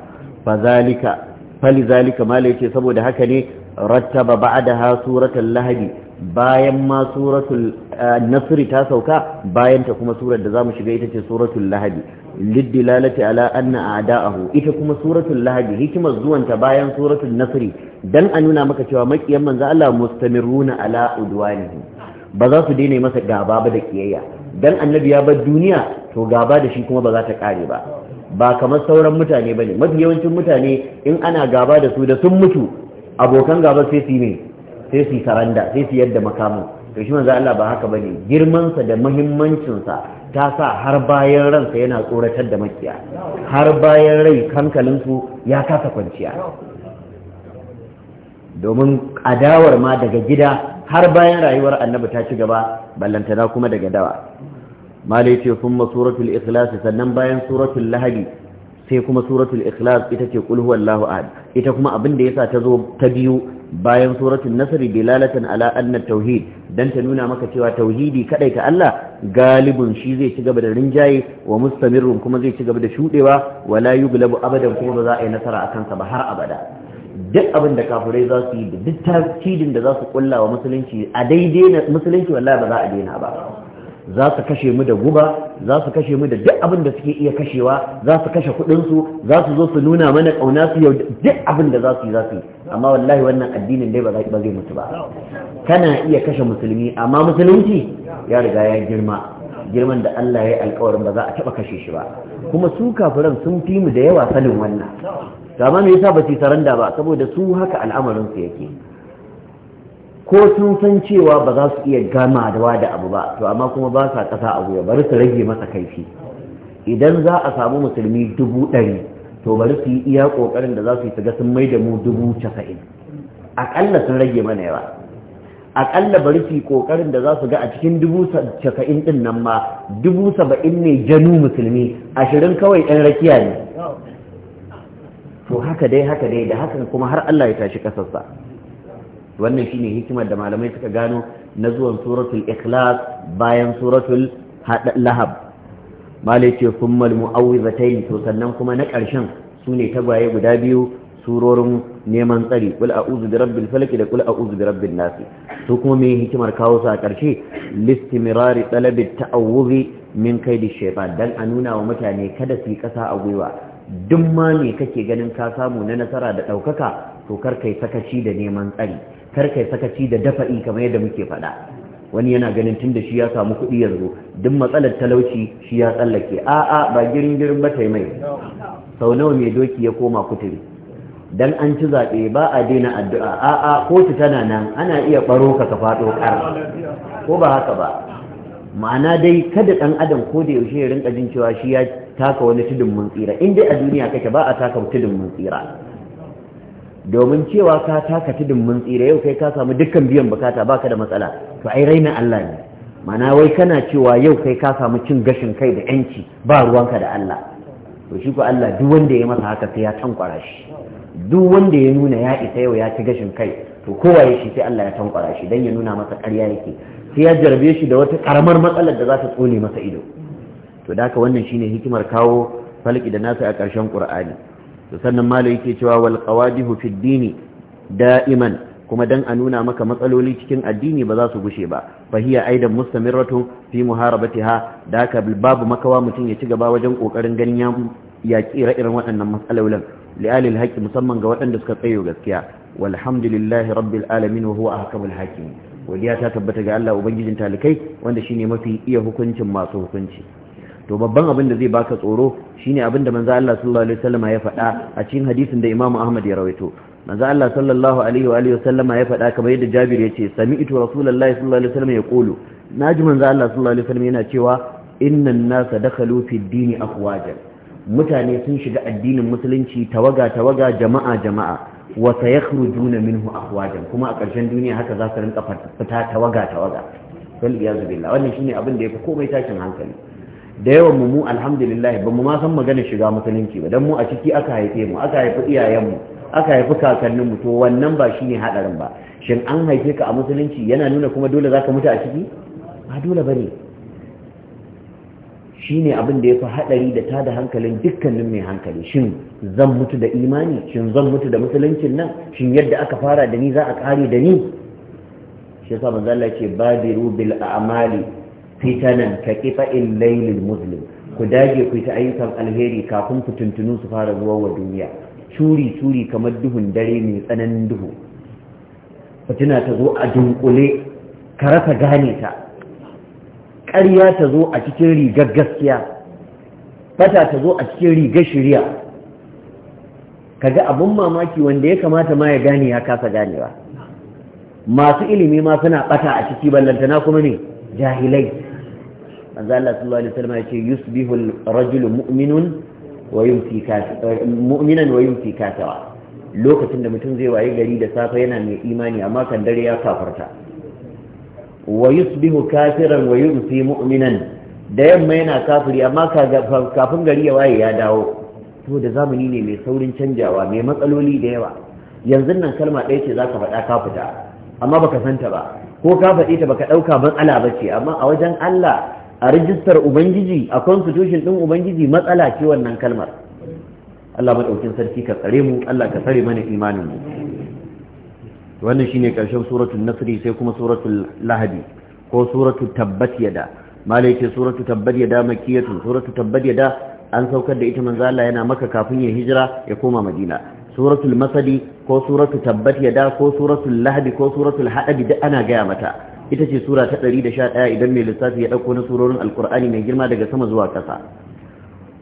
fali zalika mala yace saboda haka ne rattaba ba'daha suratul lahabi, bayan ma suratul eh, nasri ta sauka bayan ta kuma surar da zamu shiga ita ce suratul lahadi liddilalati ala anna a'da'ahu ita kuma suratul lahadi hikimar zuwanta bayan suratul nasri dan a nuna maka cewa makiyan manzo Allah mustamiruna ala udwanihi ba za su daina masa gaba ba da kiyayya dan annabi ya bar duniya to gaba da shi kuma ba za ta kare ba ba kamar sauran mutane bane mafi yawancin mutane in ana gaba da su da sun mutu abokan gaba sai su ne sai su saranda sai su yadda makamu. to shi manzo Allah ba haka bane girman sa da muhimmancin sa ta sa har bayan ransa yana tsoratar da makiya har bayan rai hankalin su ya kasa kwanciya domin adawar ma daga gida har bayan rayuwar annabi ta ci gaba ballantana kuma daga dawa malai ce sun suratul ikhlas sannan bayan suratul lahadi sai kuma suratul ikhlas ita ce qul huwallahu ahad ita kuma abin da yasa ta zo ta biyu bayan suratul nasr dilalatan ala anna tauhid dan ta nuna maka cewa tauhidi kadai ta Allah galibun shi zai ci gaba da rinjaye wa mustamirrun kuma zai ci gaba da shudewa wala yuglabu abadan kuma ba za a yi nasara akan sa ba har abada duk abin da kafirai za su yi da duk tasirin da za su kulla wa musulunci a daidai musulunci wallahi ba za a daina ba za su kashe mu da guba za su kashe mu da duk abin da suke iya kashewa za su kashe kuɗinsu za su zo su nuna mana ƙauna su yau duk abin da za su yi za su yi amma wallahi wannan addinin dai ba zai mutu ba kana iya kashe musulmi amma musulunci ya riga ya girma girman da Allah ya yi alkawarin ba za a taɓa kashe shi ba kuma su kafiran sun fi mu da yawa sanin wannan amma me yasa ba su saranda ba saboda su haka al'amarin su yake ko sun san cewa ba za su iya gama da abu ba to amma kuma ba sa ƙasa a buya, bari su rage masa kaifi idan za a samu musulmi dubu ɗari to bari su yi iya ƙoƙarin da za su yi su ga sun mai da mu dubu casa'in aƙalla sun rage mana yawa aƙalla bari su yi ƙoƙarin da za su ga a cikin dubu casa'in ɗin nan ma dubu saba'in ne janu musulmi ashirin kawai ɗan rakiya ne to haka dai haka dai da hakan kuma har Allah ya tashi ƙasarsa wannan shine hikimar da malamai suka gano na zuwan suratul ikhlas bayan suratul lahab malai ce summal mu'awwizatayn to sannan kuma na ƙarshen su ne tagwaye guda biyu surorin neman tsari kul a'udhu bi rabbil falaq da kul a'udhu bi rabbin nas to kuma me hikimar kawo su a ƙarshe listimirari talabi ta'awuzi min da shaytan dan a nuna wa mutane kada su yi ƙasa a gwiwa duk ma ne kake ganin ka samu na nasara da ɗaukaka to kar kai sakaci da neman tsari kar kai sakaci da dafa'i kamar yadda muke faɗa wani yana ganin tun da shi ya samu kuɗi yanzu duk matsalar talauci shi ya tsallake a'a ba girin girin ba tai mai sau nawa mai doki ya koma kuturi dan an ci zaɓe ba a daina addu'a a'a kotu tana nan ana iya ɓaro ka ka faɗo ƙar ko ba haka ba ma'ana dai kada ɗan adam ko da yaushe ya rinka jin cewa shi ya taka wani tudun mun tsira in dai a duniya kake ba a taka tudun mun tsira domin cewa ka taka tudun mun tsira yau kai ka samu dukkan biyan bukata baka da matsala to ai raina Allah ne mana wai kana cewa yau kai ka samu cin gashin kai da yanci ba ruwanka da Allah to shi ko Allah duk wanda ya masa haka sai ya tankwara shi duk wanda ya nuna ya isa yau ya ci gashin kai to kowa ya shi sai Allah ya tankwara shi dan ya nuna masa ƙarya yake sai ya jarbe shi da wata karamar matsalar da za ta tsone masa ido to da haka wannan shine hikimar kawo falki da nasu a ƙarshen Qur'ani sannan malai yake cewa wal qawadihu fid da'iman kuma dan a nuna maka matsaloli cikin addini ba za su gushe ba fa hiya aidan mustamirratun fi muharabatiha da haka babu makawa mutum ya ci gaba wajen kokarin ganin ya yaki iren waɗannan matsalolin li'alil haqqi musamman ga waɗanda suka tsayo gaskiya walhamdulillahi rabbil alamin wa huwa ahkamul hakim godiya ta tabbata ga Allah ubangijin talikai wanda shine mafi iya hukuncin masu hukunci to babban abin da zai baka tsoro shine abin da manzo Allah sallallahu alaihi ya faɗa a cikin hadisin da Imam Ahmad ya rawaito manzo Allah sallallahu alaihi wa alihi wasallama ya faɗa kamar yadda Jabir ya ce sami'tu rasulullahi sallallahu alaihi wasallama yaqulu naji manzo Allah sallallahu alaihi wasallama yana cewa innan nasa dakhalu fi dini afwajan mutane sun shiga addinin musulunci tawaga tawaga jama'a jama'a wa sayakhrujuna minhu afwajan kuma a ƙarshen duniya haka za su rinka fita tawaga tawaga wal iyaz billah wannan shine abin da yafi komai tashin hankali da yawan mu mu alhamdulillah ba mu ma san magana shiga musulunci ba dan mu a ciki aka haife mu aka haifi iyayenmu aka haifi kakannin mu to wannan ba shine hadarin ba shin an haife ka a musulunci yana nuna kuma dole zaka mutu a ciki ba dole bane shine abin da yafi hadari da tada hankalin dukkanin mai hankali shin zan mutu da imani shin zan mutu da musuluncin nan shin yadda aka fara da ni za a kare da ni shi yasa manzo Allah ce badiru bil a'mali fitanan ka in lailin muslim ku dage ku ta ayyukan alheri kafin ku tuntunu su fara zuwa wa duniya curi curi kamar duhun dare mai tsananin duhu tuna ta zo a dunkule ka rasa gane ta ƙarya ta zo a cikin rigar gaskiya bata ta zo a cikin rigar shirya kaga abun mamaki wanda ya kamata ma ya gane ya kasa ganewa masu ilimi ma suna bata a ciki ballantana kuma ne jahilai manzo Allah sallallahu Salma wasallam yace yusbihu ar wa yumsi mu'minan lokacin da mutum zai waye gari da safe yana mai imani amma kan dare ya kafarta wa yusbihu kafiran wa yumsi da yamma yana kafiri amma kafin gari ya waye ya dawo to da zamani ne mai saurin canjawa mai matsaloli da yawa yanzu nan kalma ɗaya ce zaka faɗa ka fita amma baka santa ba ko ka faɗi ta baka ɗauka matsala ba ce amma a wajen Allah a rijistar ubangiji a constitution din ubangiji matsala ce wannan kalmar Allah madaukin sarki ka tsare mu Allah ka tsare mana imanin mu wannan shine karshen suratul nasri sai kuma suratul lahadi ko suratul tabbat yada malai ce suratul tabbat yada makiyatu suratul tabbat yada an saukar da ita manzo Allah yana maka kafin ya hijira ya koma madina suratul masadi ko suratul tabbat yada ko suratul lahadi ko suratul hadadi duk ana gaya mata ita ce sura ta 111 idan mai lissafi ya dauko na surorin alkur'ani mai girma daga sama zuwa ƙasa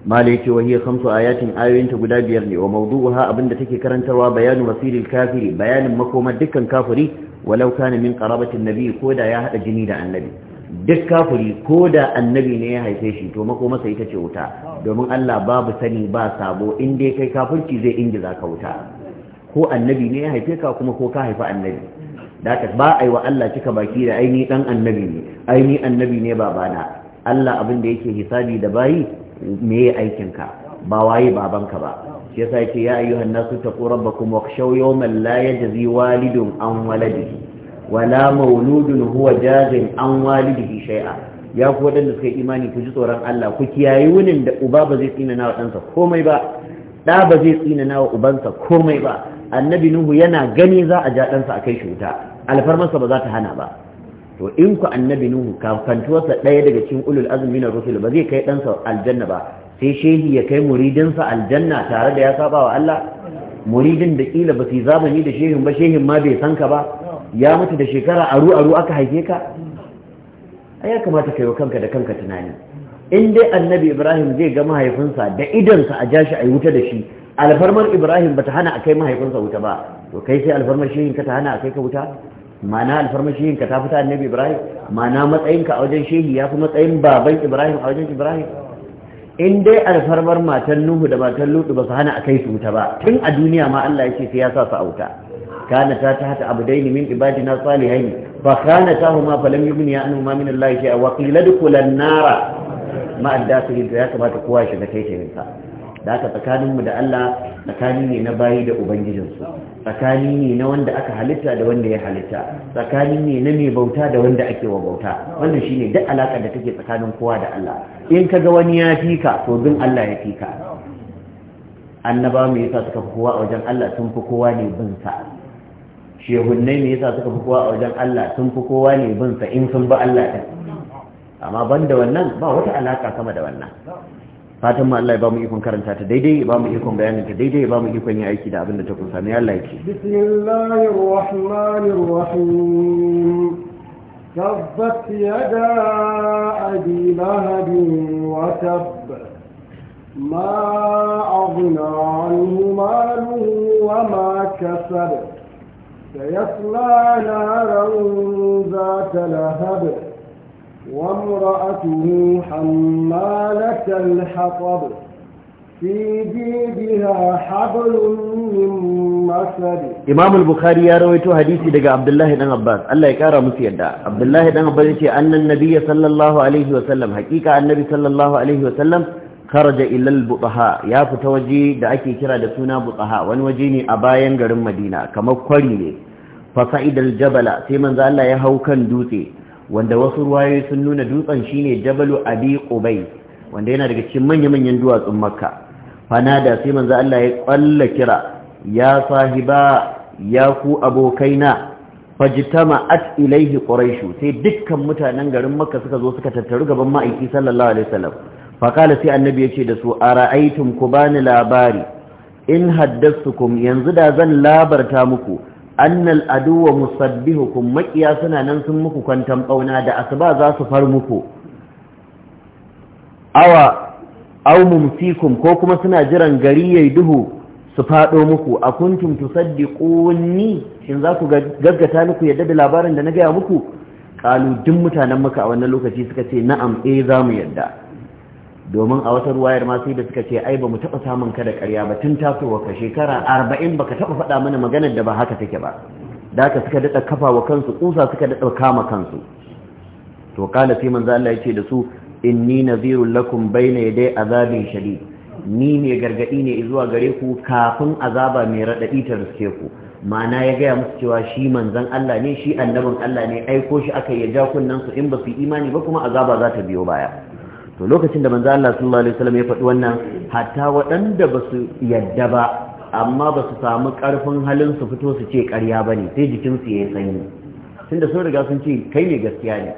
mala yake wa hiya khamsu ayatin ayoyin ta guda biyar ne wa mawdu'uha abinda take karantarwa bayanu masilil kafiri bayanin makomar dukkan kafiri walau kana min qarabatin nabi ko da ya hada jini da annabi duk kafiri ko da annabi ne ya haife shi to makomarsa ita ce wuta domin Allah babu sani ba sabo in dai kai kafirci zai ingiza ka wuta ko annabi ne ya haife ka kuma ko ka haifi annabi da ka ba a yi wa Allah cika baki da aini dan annabi ne aini annabi ne babana Allah abin da yake hisabi da bayi me aikin aikinka ba waye babanka ba shi yasa yake ya ayyuhan nasu taqu rabbakum wakhshaw yawman la yajzi walidun an waladihi wala mauludun huwa jazin an walidihi shay'a ya ku wadanda suka yi imani ku ji tsoron Allah ku kiyaye wunin da uba ba zai tsina na ɗansa komai ba ɗa ba zai tsina nawa ubansa komai ba annabi nuhu yana gani za a ja ɗansa a kai shi wuta alfarmarsa ba za ta hana ba to in ku annabi nuhu kafantuwarsa ɗaya daga cikin ulul azumi na rusul ba zai kai ɗansa aljanna ba sai shehi ya kai muridinsa aljanna tare da ya saba wa Allah muridin da kila ba su zamani da shehin ba shehin ma bai san ka ba ya mutu da shekara aru aru aka haife ka ya kamata kai wa kanka da kanka tunani in dai annabi ibrahim zai ga mahaifinsa da idansa a jashi a yi wuta da shi alfarmar ibrahim bata hana a kai mahaifinsa wuta ba to kai sai alfarmar shehin ka ta hana a kai ka wuta ma'ana alfarmashin ka ta fita annabi ibrahim ma'ana matsayinka a wajen shehi ya fi matsayin baban ibrahim a wajen ibrahim in dai alfarmar matan nuhu da matan lutu ba su hana a kai su wuta ba tun a duniya ma allah ya ce sai ya sa su a wuta kana ta ta hata abudaini min ibadina salihaini fa kana ta huma fa lam ya annu ma min allah shay'a wa qila dukulan nara ma adda su ya kamata kowa shiga kai sa da tsakanin tsakaninmu da Allah tsakani ne na bayi da ubangijinsu tsakani ne na wanda aka halitta da wanda ya halitta tsakani ne na mai bauta da wanda ake wa bauta wannan shine duk alaka da take tsakanin kowa da Allah in kaga wani ya fi ka to bin Allah ya fi ka annaba mai yasa suka fi kowa a wajen Allah sun fi kowa ne bin sa shehunnai mai yasa suka fi kowa a wajen Allah sun fi kowa ne bin sa in sun bi Allah din amma banda wannan ba wata alaka sama da wannan fatan ma Allah ya ba mu ikon karanta ta daidai ya ba mu ikon bayanin ta daidai ya ba mu ikon yin aiki da abin da ta kunsa ne Allah yake bismillahir rahmanir rahim tabbat yada abi lahab wa tab ma aghna anhu maluhu wa ma kasab sayasla naran وامرأته حمالة الحطب في جيبها حبل من مسد إمام البخاري يا رويتو حديثي دقى عبد الله بن عباس الله يكارى مسيدا عبد الله بن عباس يقول أن النبي صلى الله عليه وسلم حقيقة النبي صلى الله عليه وسلم خرج إلى البطحاء يا فتوجي دعكي كرا دسونا بطحاء وانوجيني أباين قرم مدينة كما قريني فصعد الجبل سيمن ذا الله يهو كان دوتي wanda wasu ruwayoyi sun nuna dutsen shine jabalu abi qubai wanda yana daga cikin manya-manyan duwatsun makka fanada sai manzo Allah ya kwalla kira ya sahiba ya ku abokaina At ilaihi quraishu sai dukkan mutanen garin makka suka zo suka tattaru gaban ma'aiki sallallahu alaihi wasallam fakala sai annabi ce da su ara'aytum kubani labari in haddathukum yanzu da zan labarta muku annal musabbi hukum Maƙiya suna nan sun muku kwantan ɓauna da asuba za su far muku awa Aumun, mumsikum ko kuma suna jiran gari yayi duhu su faɗo muku a kuntum ƙunni shin za ku gaggata muku yadda da labarin da na gaya muku ƙalu duk mutanen muka a wannan lokaci suka ce na'am eh za mu yadda domin a wata ruwayar masu sai da suka ce ai ba mu taɓa samun ka da ƙarya ba tun tasowa ka shekara arba'in ba ka taɓa faɗa mana maganar da ba haka take ba da ka suka daɗa kafa wa kansu ƙusa suka daɗa kama kansu to kala sai manzo Allah ya ce da su in ni nazirul lakum bayna yaday azabin shadid ni ne gargadi ne zuwa gare ku kafin azaba mai raɗaɗi ta riske ku ma'ana ya gaya musu cewa shi manzan Allah ne shi annabin Allah ne aiko shi aka ya ja kunnen su in ba su imani ba kuma azaba za ta biyo baya to lokacin da manzo Allah sallallahu alaihi wasallam ya faɗi wannan hatta waɗanda ba su yadda ba amma ba su samu ƙarfin halin su fito su ce ƙarya ba ne sai jikinsu ya yayi sanyi tunda sun riga sun ce kai ne gaskiya ne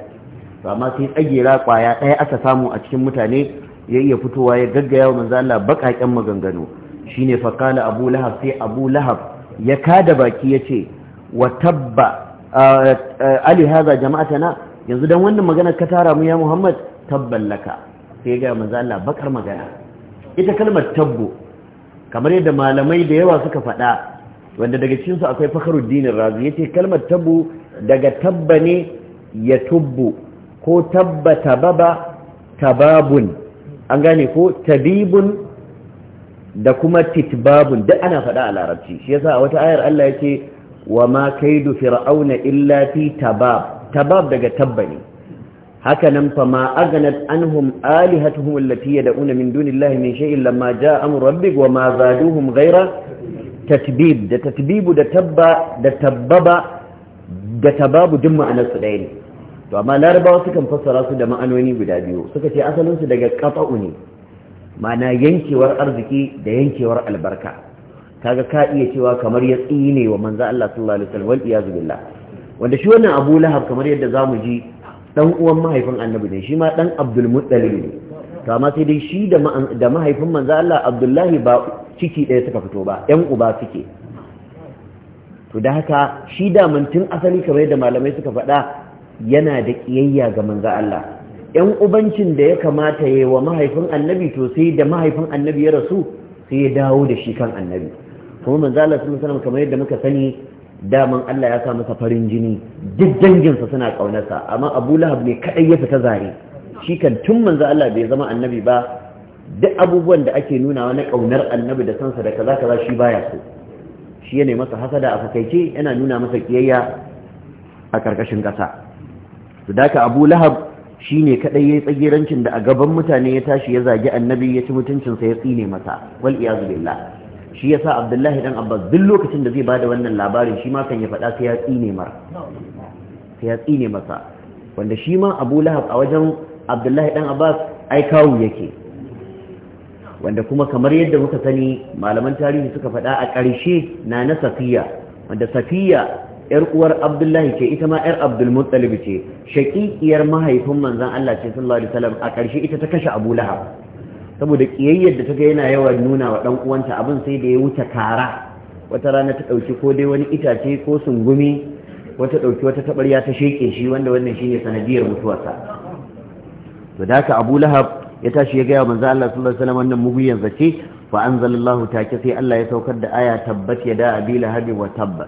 to amma sai tsagera kwaya ɗaya aka samu a cikin mutane ya iya fitowa ya gaggaya wa manzo Allah baƙaƙen maganganu shine faqala abu lahab sai abu lahab ya kada baki ya ce wa tabba ali hadha jama'atana yanzu dan wannan magana ka tara mu ya muhammad tabban laka sai ga manzo Allah bakar magana ita kalmar tabbu kamar yadda malamai da yawa suka faɗa wanda daga cikin su akwai fakhruddin razi yace kalmar tabbu daga tabbane ne ya tubbu ko tabbata baba tababun an gane ko tabibun da kuma titbabun duk ana faɗa a larabci shi yasa a wata ayar Allah yake wa ma kaidu fir'auna illa fi tabab tabab daga tabba haka nan fa ma aganat anhum alihatuhum allati yad'una min dunillahi min shay'in lamma jaa amru rabbik wa ma zaduhum ghayra tatbib da tatbibu da tabba da tabbaba da tababu duk ma'anar su ɗaya ne to amma larabawa sukan fassara su da ma'anoni guda biyu suka ce asalin su daga qata'u ne ma'ana yankewar arziki da yankewar albarka kaga ka iya cewa kamar ya tsine wa manzo Allah sallallahu alaihi wasallam wal billah wanda shi wannan Abu Lahab kamar yadda zamu ji dan uwan mahaifin annabi ne shi ma dan abdul muttalib ne to amma sai dai shi da mahaifin manzo Allah abdullahi ba ciki ɗaya suka fito ba 'yan uba suke to da haka shi da tun asali kamar yadda malamai suka faɗa yana da kiyayya ga manzo Allah ƴan ubancin da ya kamata yayi wa mahaifin annabi to sai da mahaifin annabi ya rasu sai ya dawo da shi kan annabi kuma manzo Allah sallallahu alaihi wasallam kamar yadda muka sani daman Allah ya sa masa farin jini duk danginsa suna ƙaunarsa amma Abu Lahab ne kaɗai ya fita zare shi kan tun manzo Allah bai zama annabi ba duk abubuwan da ake nunawa na ƙaunar annabi da sansa da kaza kaza shi baya so shi ya masa hasada a fakaice yana nuna masa kiyayya a karkashin ƙasa to daka Abu Lahab shine kadai yayi tsagirancin da a gaban mutane ya tashi ya zagi annabi ya ci mutuncinsa ya tsine masa wal iyazu billah shi yasa abdullahi dan abbas duk lokacin da zai bada wannan labarin shi ma kan ya faɗa sai ya tsine mar sai ya tsine masa wanda shi ma abu lahab a wajen abdullahi dan abbas ai kawu yake wanda kuma kamar yadda muka sani malaman tarihi suka faɗa a ƙarshe na na safiya wanda safiya yar uwar abdullahi ce ita ma yar abdulmuttalib ce shaƙiƙiyar mahaifin manzon allah ce sallallahu alaihi wasallam a ƙarshe ita ta kashe abu lahab saboda kiyayyar da ta ga yana yawan nuna wa ɗan'uwanta uwanta abin sai da ya wuce kara wata rana ta ɗauki ko dai wani itace ko sungumi wata ɗauki wata tabarya ta sheke shi wanda wannan shi ne sanadiyar mutuwarsa to da haka Abu Lahab ya tashi ya gaya manzo Allah sallallahu alaihi wasallam wannan muguyan zace fa anzalallahu take sai Allah ya saukar da aya tabbat da abi lahab wa tabba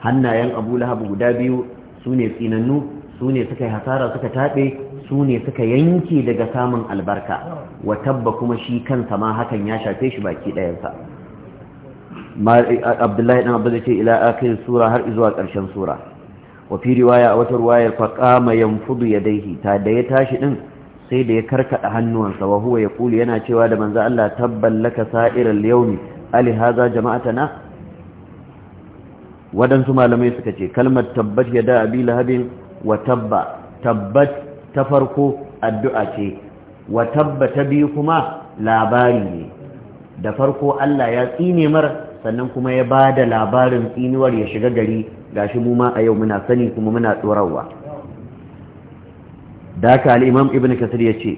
hannayen Abu Lahab guda biyu sune tsinannu sune suka yi hasara suka taɓe. su ne suka yanke daga samun albarka watabba kuma shi kansa ma hakan ya shafe shi baki ɗayansa abdullahi ɗan abu da ce ila akhir sura har zuwa ƙarshen sura wa riwaya a wata riwaya fa qama ya yadayhi ta da ya tashi din sai da ya karkaɗa hannuwansa wa huwa yaqulu yana cewa da manzo Allah tabban laka sa'iral yauni. ali hadha na. wadansu malamai suka ce kalmar tabbat da abi lahabin wa tabba tabbat ta farko addu'a ce wa tabbata biyu kuma labari ne da farko Allah ya tsine mar sannan kuma ya ba da labarin tsinuwar ya shiga gari gashi mu ma a yau muna sani kuma muna tsorawa da haka al'imam ibn kasir ya ce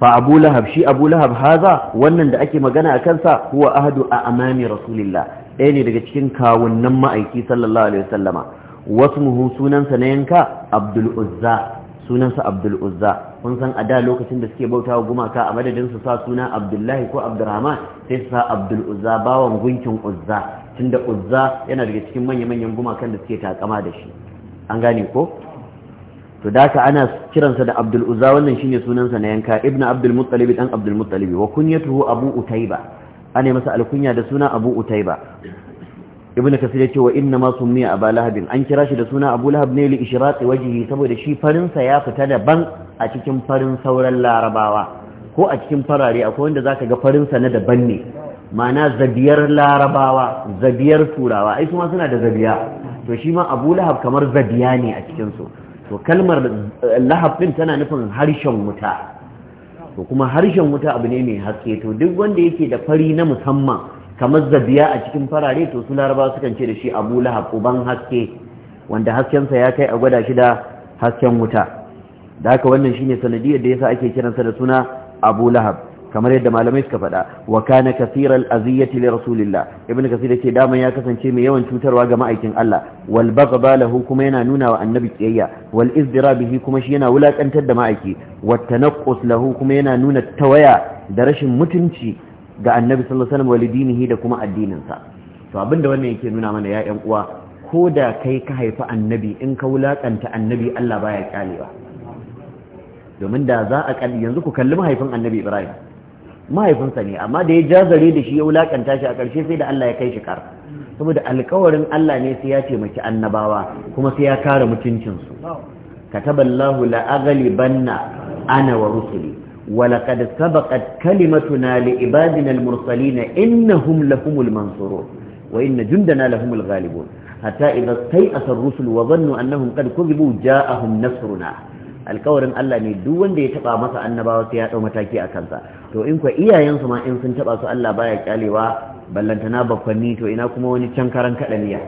fa abu lahab shi abu lahab haza wannan da ake magana a kansa huwa ahadu a amami rasulillah ɗaya ne daga cikin kawunnan ma'aiki sallallahu alaihi wasallama muhu sunansa na yanka abdul sunansa abdul uzza kun san a da lokacin da suke bauta wa gumaka a madadin su sa suna abdullahi ko abdurrahman sai su sa abdul uzza bawan gunkin uzza tunda uzza yana daga cikin manya-manyan gumakan da suke takama da shi an gane ko to da ka ana kiransa da abdul uzza wannan shine sunansa na yanka ibnu abdul muttalib dan abdul muttalib wa kunyatuhu abu Utaiba. ana masa alkunya da suna abu Utaiba. ibn kasir yace wa inna ma summiya aba lahabin an kira shi da suna abu lahab ne li ishraqi wajhi saboda shi farin sa ya fita daban a cikin farin sauran larabawa ko a cikin farare akwai wanda zaka ga farin sa na daban ne ma'ana zabiyar larabawa zabiyar turawa ai kuma suna da zabiya to shi ma abu lahab kamar zabiya ne a cikin su to kalmar lahab din tana nufin harshen wuta to kuma harshen wuta abu ne mai haske to duk wanda yake da fari na musamman kamar zabiya a cikin farare to su laraba sukan ce da shi abu lahab uban haske wanda haskensa ya kai a gwada shi da hasken wuta da haka wannan shine sanadiyar da yasa ake kiransa da suna abu lahab kamar yadda malamai suka faɗa wa kana kaseeral aziyati li rasulillah ibnu kasir yake daman ya kasance mai yawan cutarwa ga ma'aikin Allah wal baghda lahu kuma yana nuna wa annabi kiyayya wal izdira bihi kuma shi yana wulakantar da ma'aiki wat tanaqqus lahu kuma yana nuna tawaya da rashin mutunci ga annabi sallallahu alaihi wasallam walidinihi da kuma addininsa to abinda wannan yake nuna mana ya ƴan uwa ko da kai ka haifi annabi in ka wulakanta annabi Allah baya kyalewa domin da za a kalli yanzu ku kalli mahaifin annabi Ibrahim mahaifinsa ne amma da ya jazare da shi ya wulakanta shi a ƙarshe sai da Allah ya kai shi kar saboda alƙawarin Allah ne sai ya taimaki annabawa kuma sai ya kare mutuncinsu kataballahu la aghlibanna ana wa rusuli ولقد سبقت كلمتنا لعبادنا المرسلين إنهم لهم المنصورون وإن جندنا لهم الغالبون حتى إذا استيأس الرسل وظنوا أنهم قد كذبوا جاءهم نصرنا alkawarin Allah ne duk wanda ya taɓa masa annabawa sai ya mataki a kansa to in ku iyayensu ma in sun taba su Allah baya kyalewa ballantana bakwanni to ina kuma wani can karan miya?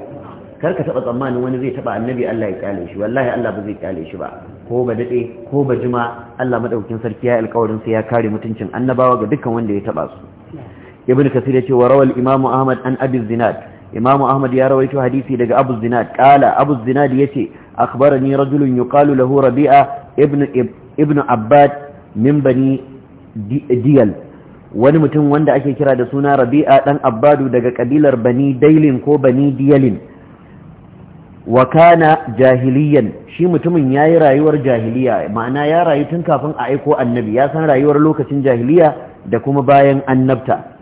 kar ka taba tsammanin wani zai taba annabi Allah ya kyale shi wallahi Allah ba zai kyale shi ba ko ba dade ko ba jima Allah madaukakin sarki ya alƙawarin sai ya kare mutuncin annabawa ga dukkan wanda ya taba su ibnu kasir yace wa rawal imam ahmad an abi zinad imam ahmad ya rawaito hadisi daga abu zinad qala abu zinad yace akhbarani rajulun yuqalu lahu rabi'a ibnu ibnu abbad min bani diyal wani mutum wanda ake kira da suna rabi'a dan abbadu daga kabilar bani dailin ko bani diyalin wa kana jahiliyan shi mutumin ya yi rayuwar jahiliya ma'ana ya rayu tun kafin a aiko annabi ya san rayuwar lokacin jahiliya da kuma bayan annabta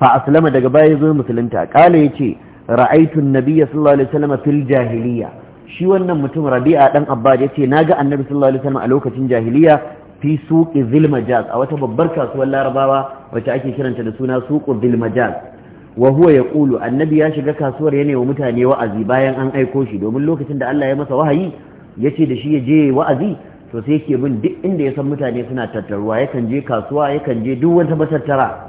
fa aslama daga baya zo musulunta kala ya ce ra'aitun nabiya sallallahu alaihi wasallam fil jahiliya shi wannan mutum rabi'a dan abbad ya ce naga annabi sallallahu alaihi wasallam a lokacin jahiliya fi suqi zilmajaz a wata babbar kasuwar larabawa wacce ake kiranta da suna suqu zilmajaz majaz wa huwa kulu annabi ya shiga kasuwar ya wa mutane wa'azi bayan an aiko shi domin lokacin da Allah ya masa wahayi yace da shi ya je wa'azi to sai yake bin duk inda ya san mutane suna tattaruwa yakan je kasuwa yakan je duk wata matattara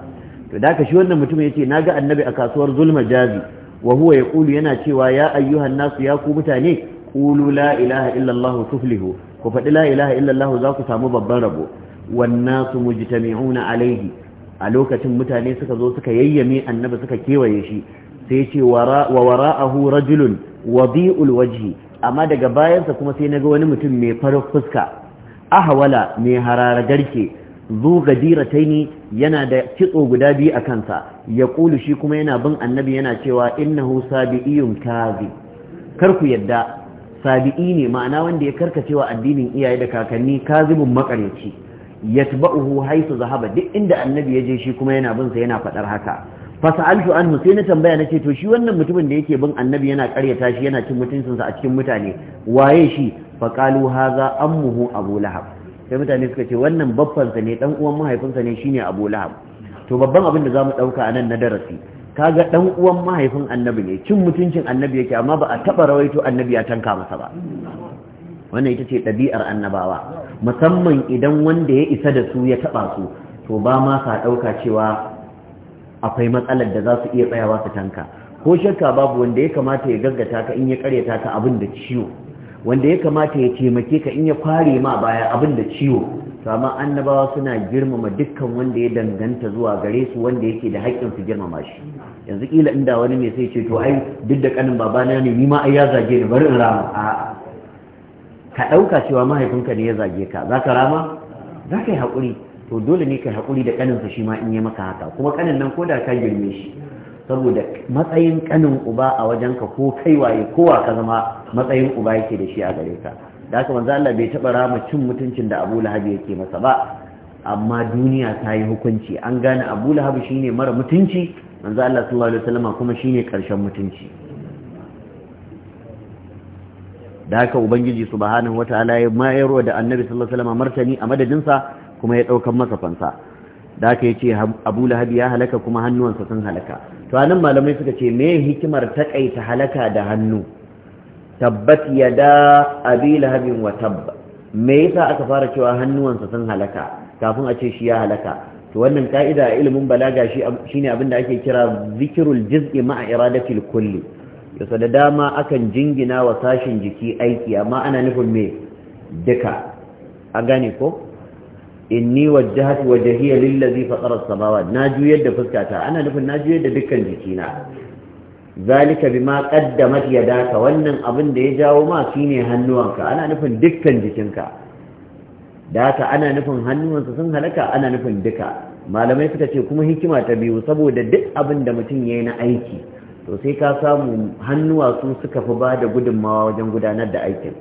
to da ka shi wannan mutum na ga annabi a kasuwar zulma jazi wa huwa kulu yana cewa ya ayyuhan nasu ya ku mutane kulu la ilaha illa tuflihu ku faɗi la ilaha illa za ku samu babban rabo wan nasu mujtami'una alayhi a lokacin mutane suka zo suka yayyame annabi suka kewaye shi sai ce wa wara'ahu rajulun wadi'ul wajhi amma daga bayansa kuma sai naga wani mutum mai farar fuska ahwala mai harara garke zu gadirataini yana da kitso guda biyu a kansa ya kulu shi kuma yana bin annabi yana cewa innahu sabi'iyun kazi kar ku yadda sabi'i ne ma'ana wanda ya karkacewa addinin iyaye da kakanni kazibun makareci yatba'uhu haythu zahaba duk inda annabi ya je shi kuma yana bin sa yana fadar haka sa'altu anhu sai na tambaya nace to shi wannan mutumin da yake bin annabi yana karyata shi yana cin mutuncinsa a cikin mutane waye shi qalu haza ammuhu abu lahab sai mutane suka ce wannan baffansa ne dan uwan mahaifinsa ne shine abu lahab to babban abin da zamu dauka nan na darasi kaga dan uwan mahaifin annabi ne cin mutuncin annabi yake amma ba a taba rawaito annabi ya tanka masa ba wannan ita ce ɗabi'ar annabawa musamman idan wanda ya isa da su ya taɓa su to ba ma sa ɗauka cewa akwai matsalar da za su iya tsayawa su tanka ko shakka babu wanda ya kamata ya gaggata ka in ya karyata ka abin da ciwo wanda ya kamata ya taimake ka in ya kware ma baya abin da ciwo to amma annabawa suna girmama dukkan wanda ya danganta zuwa gare su wanda yake da haƙƙin su girmama shi yanzu kila inda wani mai sai ce to ai duk da kanin babana ne ni ma ai ya zage ni bari in rama a'a ka ɗauka cewa mahaifinka ne ya zage ka za ka rama za ka yi haƙuri to dole ne ka yi haƙuri da ƙaninsa shi ma in yi maka haka kuma ƙanin nan ko da ka girme shi saboda matsayin ƙanin uba a wajen ka ko kai waye kowa ka zama matsayin uba yake da shi a gare ka da haka manzo Allah bai taɓa rama cin mutuncin da Abu Lahab yake masa ba amma duniya ta yi hukunci an gane Abu Lahab shine mara mutunci manzo Allah sallallahu alaihi wasallam kuma shine ƙarshen mutunci da haka ubangiji subhanahu wataala ya mayarwa da annabi sallallahu alaihi martani a madadinsa kuma ya daukan masa fansa da haka yace Abu Lahab ya halaka kuma hannuwansa sun halaka to anan malamai suka ce me hikimar takaita halaka da hannu tabbat yada abi lahabin wa tabba me yasa aka fara cewa hannuwansa sun halaka kafin a ce shi ya halaka to wannan ka'ida a ilimin balaga shi shine abin da ake kira zikirul juz'i ma'a iradatil kulli yasa da dama akan jingina wa sashin jiki aiki amma ana nufin me duka a gane ko inni wajjahatu wajhiya lillazi fatara as-samawati na juyar da fuskata ana nufin na juyar da dukkan jikina zalika bima qaddamat yadaka wannan abin da ya jawo ma shine hannuwanka ana nufin dukkan jikinka Daka ana nufin hannuwansa sun halaka ana nufin duka malamai suka ce kuma hikima ta biyu saboda duk abin da mutum yayi na aiki to sai ka samu hannuwa su suka fi ba da gudunmawa wajen gudanar da aikin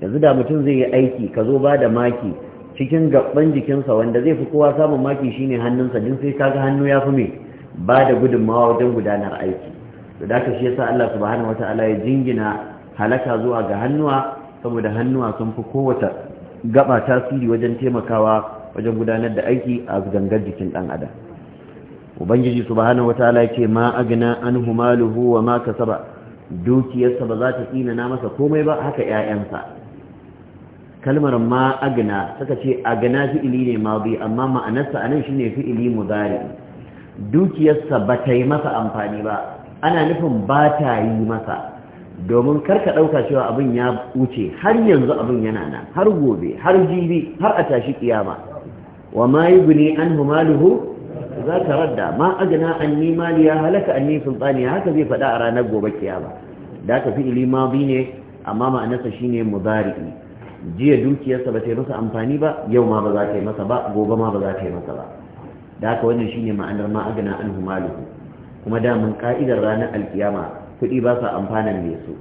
yanzu da mutum zai yi aiki ka zo ba da maki cikin gaban jikinsa wanda zai fi kowa samun maki shine hannunsa din sai kaga hannu ya fi mai ba da gudunmawa wajen gudanar aiki to da shi yasa Allah wata ala ya jingina halaka zuwa ga hannuwa saboda hannuwa sun fi kowace gaba tasiri wajen taimakawa wajen gudanar da aiki a gangar jikin dan adam ubangiji subhanahu wataala yake ma agna anhu maluhu wa ma kasaba dukiyarsa ba za ta tsina na masa komai ba haka 'ya'yansa. kalmar ma agna suka ce agna fi'ili ne ma bi amma ma'anarsa anan shine fi'ili mudari dukiyarsa ba ta yi masa amfani ba ana nufin ba ta yi masa domin karka ɗauka cewa abin ya wuce har yanzu abin yana nan har gobe har jibi har a tashi kiyama wa ma yi gune an humaluhu za ka radda ma an ni maliya halaka ni sultaniya haka zai faɗa a ranar gobe kiyama da ka fi'ili madi ne amma ma'anarsa shine mubari'i jiya dukiyarsa ba ta yi masa amfani ba yau ma ba za ta yi masa ba gobe ma ba za ta yi masa ba da haka wannan shine ma'anar ma ajna anhu kuma da mun ka'idar ranar alkiyama kuɗi ba sa amfanan ne su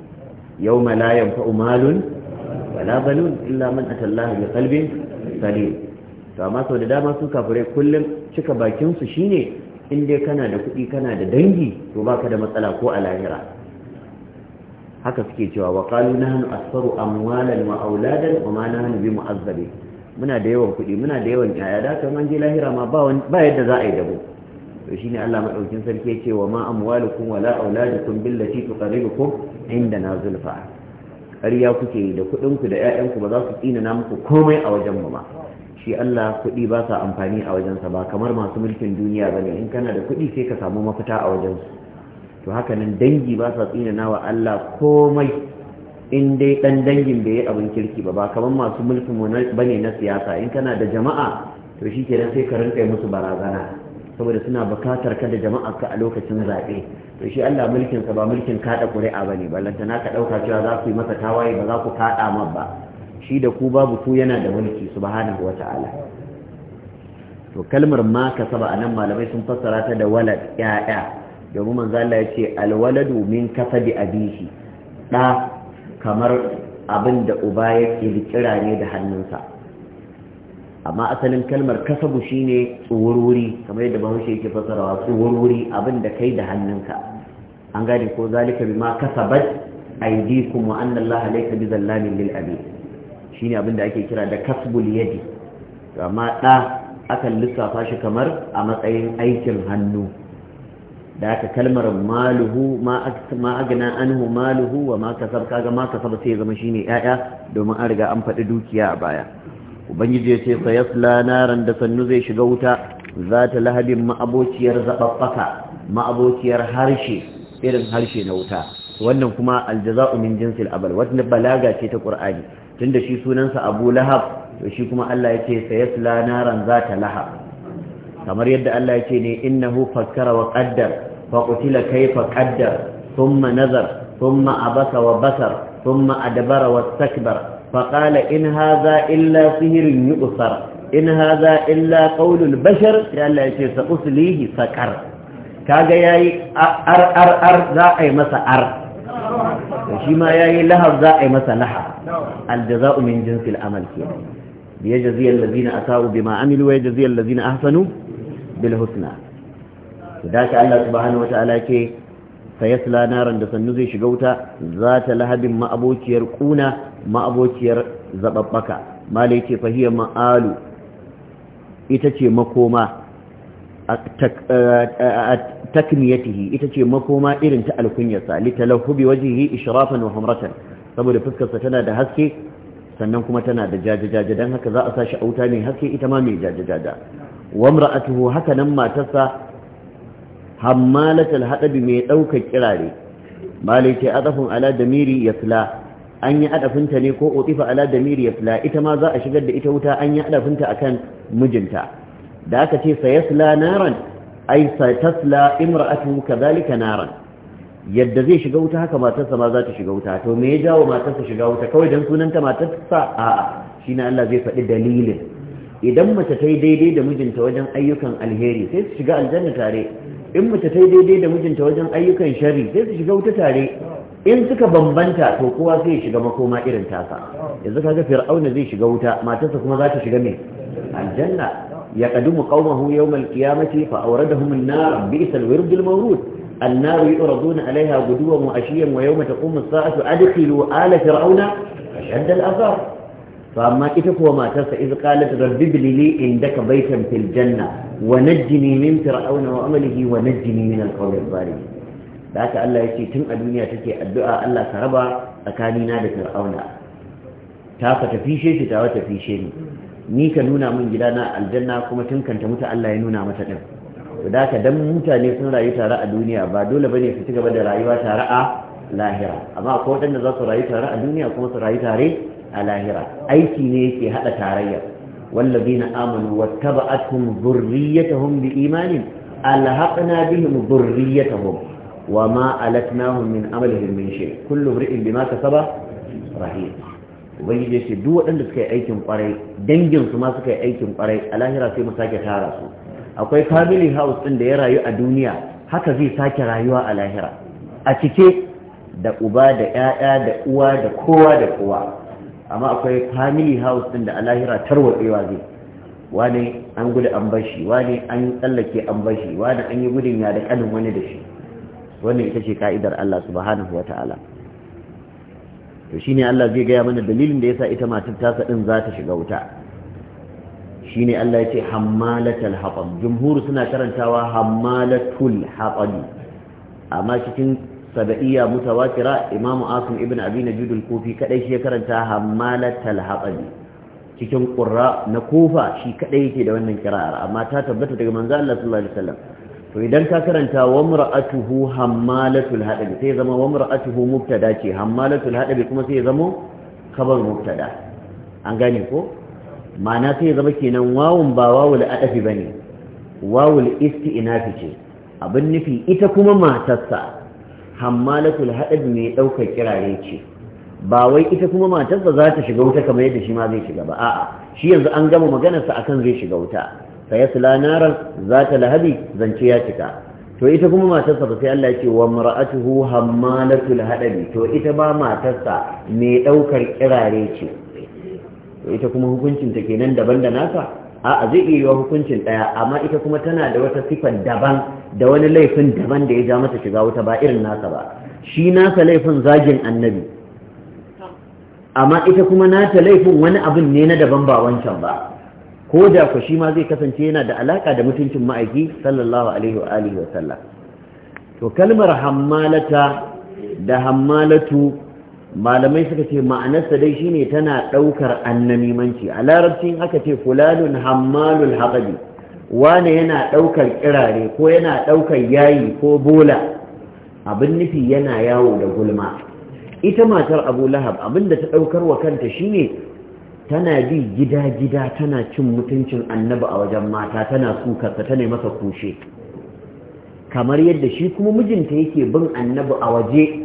yau ma la yanfa'u wala balun illa man atallaha bi qalbin salim to amma sau da dama su kafirai kullum cika bakinsu shine in dai kana da kuɗi kana da dangi to baka da matsala ko a lahira haka suke cewa wa qalu nahnu asfaru amwalan wa auladan wa ma nahnu bi mu'azzabi muna da yawan kuɗi muna da yawan yaya da kuma an je lahira ma ba ba yadda za a yi dabo to shine Allah madaukin sarki yake wa ma amwalukum wa la auladukum billati tuqarribukum na zulfa ƙarya kuke da kuɗinku da 'ya'yanku ba za su tsina na muku komai a wajen mu ba shi Allah kuɗi ba sa amfani a wajensa ba kamar masu mulkin duniya bane in kana da kuɗi sai ka samu mafita a wajensu to haka nan dangi ba sa na wa Allah komai in dai ɗan dangin bai yi abin kirki ba ba kamar masu mulkin ne na siyasa in kana da jama'a to shi kenan sai ka rinƙa musu barazana saboda suna bukatar ka da jama'a ka a lokacin zaɓe to shi Allah mulkin sa ba mulkin kaɗa ƙuri'a bane ballantana ka ɗauka cewa za ku yi masa tawaye ba za ku kaɗa ma ba shi da ku babu ku yana da mulki subhanahu wata'ala to kalmar ma saba anan malamai sun fassara ta da walad ya'ya domin manzo Allah ya ce alwaladu min kafadi abihi da kamar abin da uba ya kirkira ne da hannunsa amma asalin kalmar kasabu shine tsururi kamar yadda bahaushe yake fasarawa tsururi abin da kai da hannunka an gane ko zalika bima kasabat aydikum wa anna allaha laysa bizallamin lil abid shine abin da ake kira da kasbul yadi amma ɗa akan lissafa shi kamar a matsayin aikin hannu da aka kalmar maluhu ma agna anhu maluhu wa ma kasab kaga ma kasab sai ya zama shine yaya domin an riga an faɗi dukiya a baya ubangiji ya ce sayasla naran da sannu zai shiga wuta za ta lahabin ma'abociyar zaɓaɓɓaka ma'abociyar harshe irin harshe na wuta wannan kuma aljaza'u min jinsil abal wata balaga ce ta ƙur'ani tunda shi sunansa abu lahab to shi kuma Allah ya ce sayasla naran ta lahab kamar yadda Allah ya ce ne innahu fakkara wa kai fa qutila kayfa qaddar thumma nazar thumma abasa wa basar thumma adbara wastakbara فقال إن هذا إلا سهر يؤثر bashar هذا إلا قول saƙar. يلا يشي سأسليه سكر A ياي أر ar za a yi masa أر da shi ma yayi lahab za a yi masa laha aljaza'u min jinsil amal ke bi yajzi allazina asau bima amilu wa yajzi allazina ahsanu bil husna to da ka Allah subhanahu wataala ke sayasla naran da sannu zai shiga wuta za ta lahabin ma'abociyar kuna ma'abociyar zababbaka malai ce fahiyar ma'alu ita ce makoma a takmiyatihi ita ce makoma irin ta alkunyarsa litalahhubi wajhihi ishrafan wa humratan saboda fuskarsa tana da haske sannan kuma tana da jajajaja dan haka za a sashi auta mai haske ita ma mai jajajaja wa imra'atuhu haka nan matarsa hammalatul hadabi mai daukar kirare malike adafun ala damiri yasla an yi adafinta ne ko utifa ala damiri yasla ita ma za a shigar da ita wuta an yi adafinta akan mijinta da aka ce sayasla naran ai satasla imra'atuhu kadhalika naran yadda zai shiga wuta haka matarsa ma za ta shiga wuta to me ya jawo matarsa shiga wuta kawai dan sunanta matarsa aa shine Allah zai faɗi dalilin idan mace ta yi daidai da mijinta wajen ayyukan alheri sai su shiga aljanna tare in mace ta yi daidai da mijinta wajen ayyukan shari sai su shiga wuta tare in suka bambanta to kowa sai shiga makoma irin tasa yanzu kaga fir'auna zai shiga wuta matarsa kuma za ta shiga me aljanna يقدم قومه يوم القيامة فأوردهم النار بئس الورد المورود النار يؤرضون عليها غدوا وعشيا ويوم تقوم الساعة أدخلوا آل فرعون أشد الأثار فأما كتف وما ترسى إذ قالت رب لي عندك بيتا في الجنة ونجني من فرعون وأمله ونجني من القوم الظالمين ذاك الله يشي تم الدنيا تكي الدعاء الله سربا أكاني نادة فرعون تافت في شيء تافت في شيء ni ka nuna min gida na aljanna kuma tun muta mutu Allah ya nuna mata din da ka dan mutane sun rayu tare a duniya ba dole bane su ci gaba da rayuwa tare a lahira amma akwai waɗanda za su rayu tare a duniya kuma su rayu tare a lahira aiki ne yake hada tarayya wallazina amanu wattaba'atuhum dhurriyyatuhum biimanin alhaqna bihim dhurriyyatuhum wama alatnahum min amalihim min shay kullu imrin bima kasaba rahim ubangiji ce duk waɗanda suka yi aikin kwarai dangin su ma suka yi aikin kwarai a lahira sai mu sake tara su akwai family house din da ya rayu a duniya haka zai sake rayuwa a lahira a cike da uba da 'ya'ya, da uwa da kowa da kowa amma akwai family house din da a lahira tarwatsewa zai wani an gudu an bashi wani an tsallake an bashi wani an yi gudun ya da kanin wani da shi wannan ita ce ka'idar Allah subhanahu wa ta'ala to shine Allah zai gaya mana dalilin da yasa ita matar tasa din za ta shiga wuta shine Allah ya ce hammalatul hatab jumhur suna karantawa hammalatul hatab amma cikin sabaiya mutawatira imamu asim ibn abi najud al-kufi kadai shi ya karanta hammalatul hatab cikin qurra na kufa shi kadai yake da wannan kira'ar amma ta tabbata daga manzo Allah sallallahu alaihi wasallam to idan ka karanta wa mar'atuhu hammalatul hadabi sai zama wa mar'atuhu mubtada ce hammalatul hadabi kuma sai zama khabar mubtada an gane ko ma'ana sai zama kenan wawun ba wawul adafi bane wawul isti'nafi ce abin nufi ita kuma matarsa hammalatul hadabi mai daukar kiraye ce ba wai ita kuma matarsa za ta shiga wuta kamar yadda shi ma zai shiga ba a'a shi yanzu an gama maganarsa akan zai shiga wuta fa yasla naran zata lahabi zance ya cika to ita kuma matarsa ba sai Allah ya ce wa mar'atuhu hammalatul hadabi to ita ba matarsa mai daukar kirare ce to ita kuma hukuncin ta kenan daban da nasa a zai iya yiwa hukuncin daya amma ita kuma tana da wata sifar daban da wani laifin daban da ya ja mata shiga wuta ba irin nasa ba shi nasa laifin zagin annabi amma ita kuma nata laifin wani abin ne na daban ba wancan ba ko da ku shi ma zai kasance yana da alaka da mutuncin ma'aiki sallallahu alaihi wa alihi wa sallam to kalmar hammalata da hammalatu malamai suka ce ma'anarsa dai shine tana daukar annamimanci a larabcin aka ce fulanun hammalul haqabi wane yana daukar kirare ko yana daukar yayi ko bola abin nufi yana yawo da gulma ita matar abu lahab abinda ta daukar wa kanta shine tana bi gida-gida tana cin mutuncin annabi a wajen mata tana sukarsa tana masa kushe kamar yadda shi kuma mijinta yake bin annabi a waje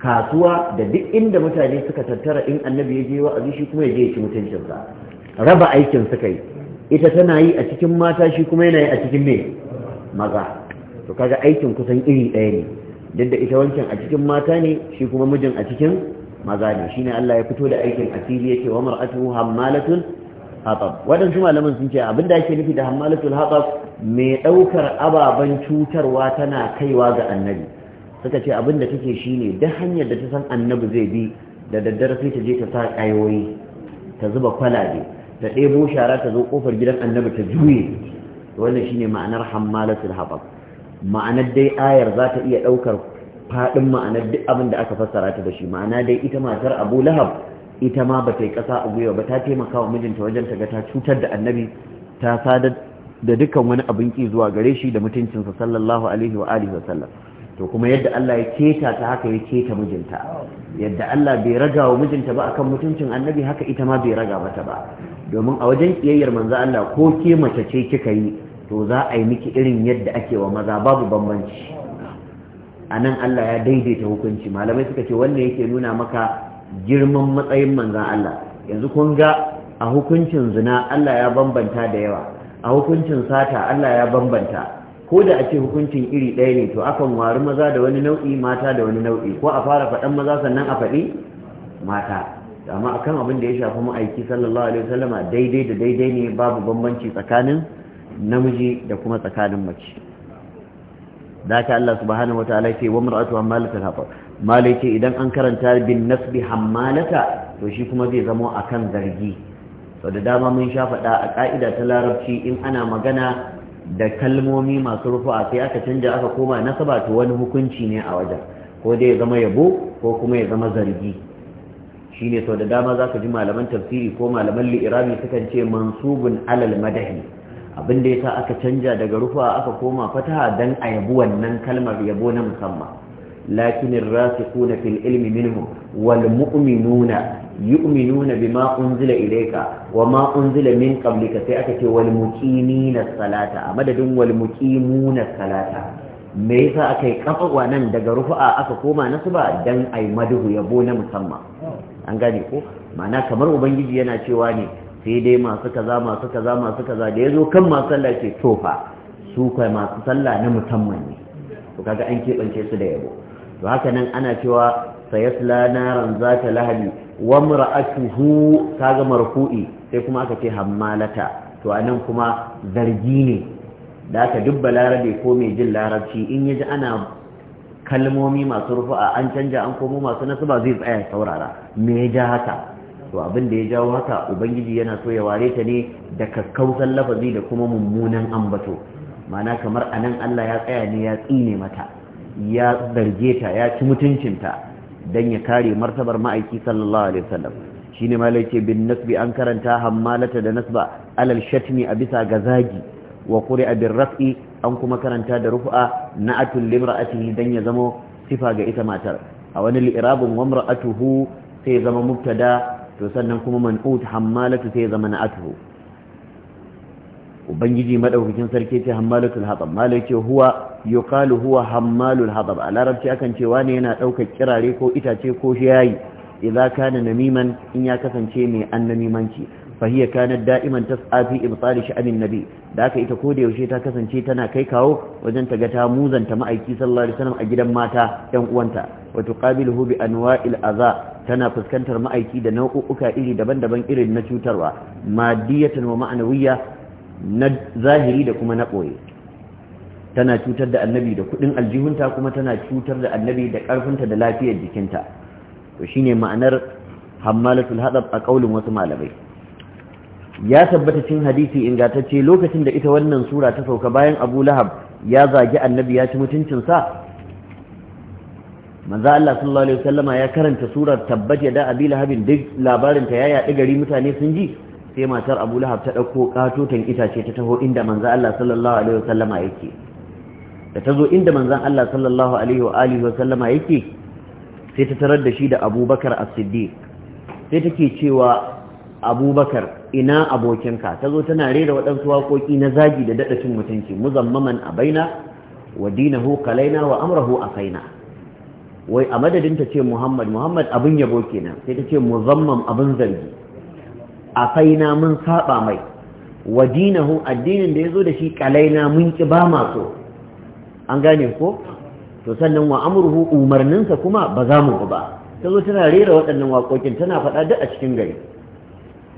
kasuwa da duk inda mutane suka tattara in annabi ya je wa'azi shi kuma ya je ya ci mutuncinsa raba aikin suka yi ita tana yi a cikin mata shi kuma yana yi a cikin me maza to kaga aikin kusan iri ɗaya ne duk da ita wancan a cikin mata ne shi kuma mijin a cikin maza ne shine Allah ya fito da aikin asiri yake wa mar'atuhu hammalatul hatab waɗansu malaman sun ce abin da ake nufi da hammalatul hatab mai ɗaukar ababen cutarwa tana kaiwa ga annabi suka ce abinda take shine da hanyar da ta san annabi zai bi da daddare sai ta je ta sa kayoyi ta zuba kwalabe ta ɗebo shara ta zo kofar gidan annabi ta juye wannan shine ma'anar hammalatul hatab ma'anar dai ayar za ta iya ɗaukar faɗin ma'anar duk abin da aka fassara ta da shi ma'ana dai ita matar abu lahab ita ma ba ta yi ƙasa a gwiwa ba ta taimaka wa mijinta wajen ta ga ta cutar da annabi ta sadar da dukkan wani abin ki zuwa gare shi da mutuncinsa sallallahu alaihi wa alihi wa sallam to kuma yadda Allah ya keta ta haka ya keta mijinta yadda Allah bai raga wa mijinta ba akan mutuncin annabi haka ita ma bai raga mata ba domin a wajen kiyayyar manzo Allah ko ke mace ce kika yi to za a yi miki irin yadda ake wa maza babu bambanci a nan Allah ya daidaita hukunci malamai suka ce wannan yake nuna maka girman matsayin manzan Allah yanzu kun ga a hukuncin zina Allah ya bambanta da yawa a hukuncin sata Allah ya bambanta ko da a ce hukuncin iri ɗaya ne to akan wari maza da wani nau'i mata da wani nau'i ko a fara faɗan maza sannan a faɗi mata amma akan abin da ya shafi ma'aiki sallallahu alaihi wasallama daidai da daidai ne babu bambanci tsakanin namiji da kuma tsakanin mace da haka Allah subhanahu wataala ce wa mar'atu hammalatul hafa malai idan an karanta bin nasbi hammalata to shi kuma zai zama akan zargi to da dama mun sha faɗa a ka'ida ta larabci in ana magana da kalmomi masu rufu'a sai aka canja aka koma nasaba to wani hukunci ne a wajen ko dai ya zama yabo ko kuma ya zama zargi shine sau da dama za ka ji malaman tafsiri ko malaman li'irami sukan ce mansubun alal madahi abin da yasa aka canja daga rufa aka koma fataha dan a yabi wannan kalmar yabo na musamman lakinin ar-rasikhuna fil ilmi minhu wal mu'minuna yu'minuna bima unzila ilayka wa ma unzila min qablika sai aka ce wal muqimina salata a madadin wal muqimuna salata me yasa aka yi kafa nan daga rufa aka koma nasu ba dan ai maduhu yabo na musamman an gane ko ma'ana kamar ubangiji yana cewa ne sai dai masu kaza masu kaza masu kaza da ya zo kan masu sallah ce tofa su kai masu sallah na musamman ne to kaga an keɓance su da yabo to haka nan ana cewa sayasla naran zata lahabi wa mura'atuhu kaga marfu'i sai kuma aka ce hammalata to anan kuma zargi ne da aka dubba larabe ko mai jin larabci in ya ji ana kalmomi masu rufu'a an canja an komo masu nasu ba zai tsaya saurara me ya ja haka to abin da ya jawo haka ubangiji yana so ya ware ta ne da kakkausan lafazi da kuma mummunan ambato mana kamar anan Allah ya tsaya ne ya tsine mata ya zarge ta ya ci mutuncinta dan ya kare martabar ma'aiki sallallahu alaihi wasallam shine malai ce bin nasbi an karanta hammalata da nasba alal shatmi a bisa ga zagi wa qur'a bir raf'i an kuma karanta da rufa na'atul limra'atihi dan ya zamo sifa ga ita matar a wani li'irabun wa mar'atuhu sai zama mubtada to sannan kuma man'ut hammalatu sai zama na na'atuhu ubangiji madaukakin sarki ce hammalatul hatab malai ce huwa yuqalu huwa hammalul hatab a larabci akan cewa ne yana daukar kirare ko itace ko shayi idza kana namiman in ya kasance mai annamimanci fa hiya kanat da'iman tas'a fi ibtal sha'anin nabi da haka ita koda yaushe ta kasance tana kai kawo wajen ta ga ta muzanta ma'aiki sallallahu alaihi wasallam a gidan mata yan uwanta wa tuqabiluhu bi anwa'il adha tana fuskantar ma'aiki da nau'uka iri daban-daban irin na cutarwa madiyatan wa ma'anawiyya na zahiri da kuma na ɓoye tana cutar da annabi da kuɗin aljihunta kuma tana cutar da annabi da ƙarfinta da lafiyar jikinta to shine ma'anar hammalatul hadab a ƙaulin wasu malamai ya tabbata cin hadisi ingantacce lokacin da ita wannan sura ta sauka bayan abu lahab ya zagi annabi ya ci mutuncinsa manzo Allah sallallahu alaihi wasallama ya karanta surar tabbat yada abi lahabin duk labarin ta yaya yaɗi gari mutane sun ji sai matar Abu Lahab ta dauko katotan itace ta taho inda manzo Allah sallallahu alaihi wasallama yake da tazo inda manzo Allah sallallahu alaihi wa alihi wasallama yake sai ta tarar da shi da Abubakar As-Siddiq sai take cewa Abubakar ina abokinka tazo tana rera waɗansu waƙoƙi na zagi da dada cin mutunci muzammaman abaina wa dinahu qalaina wa amrahu afaina wai a madadin ta ce muhammad muhammad abin yabo kenan sai ta ce muzammam abin zargi a faina mun saba mai wa dinahu addinin da ya zo da shi kalaina mun ki ba ma so an gane ko to sannan wa amurhu umarninsa kuma ba za mu ba ta zo tana rera waɗannan waƙoƙin tana faɗa duk a cikin gari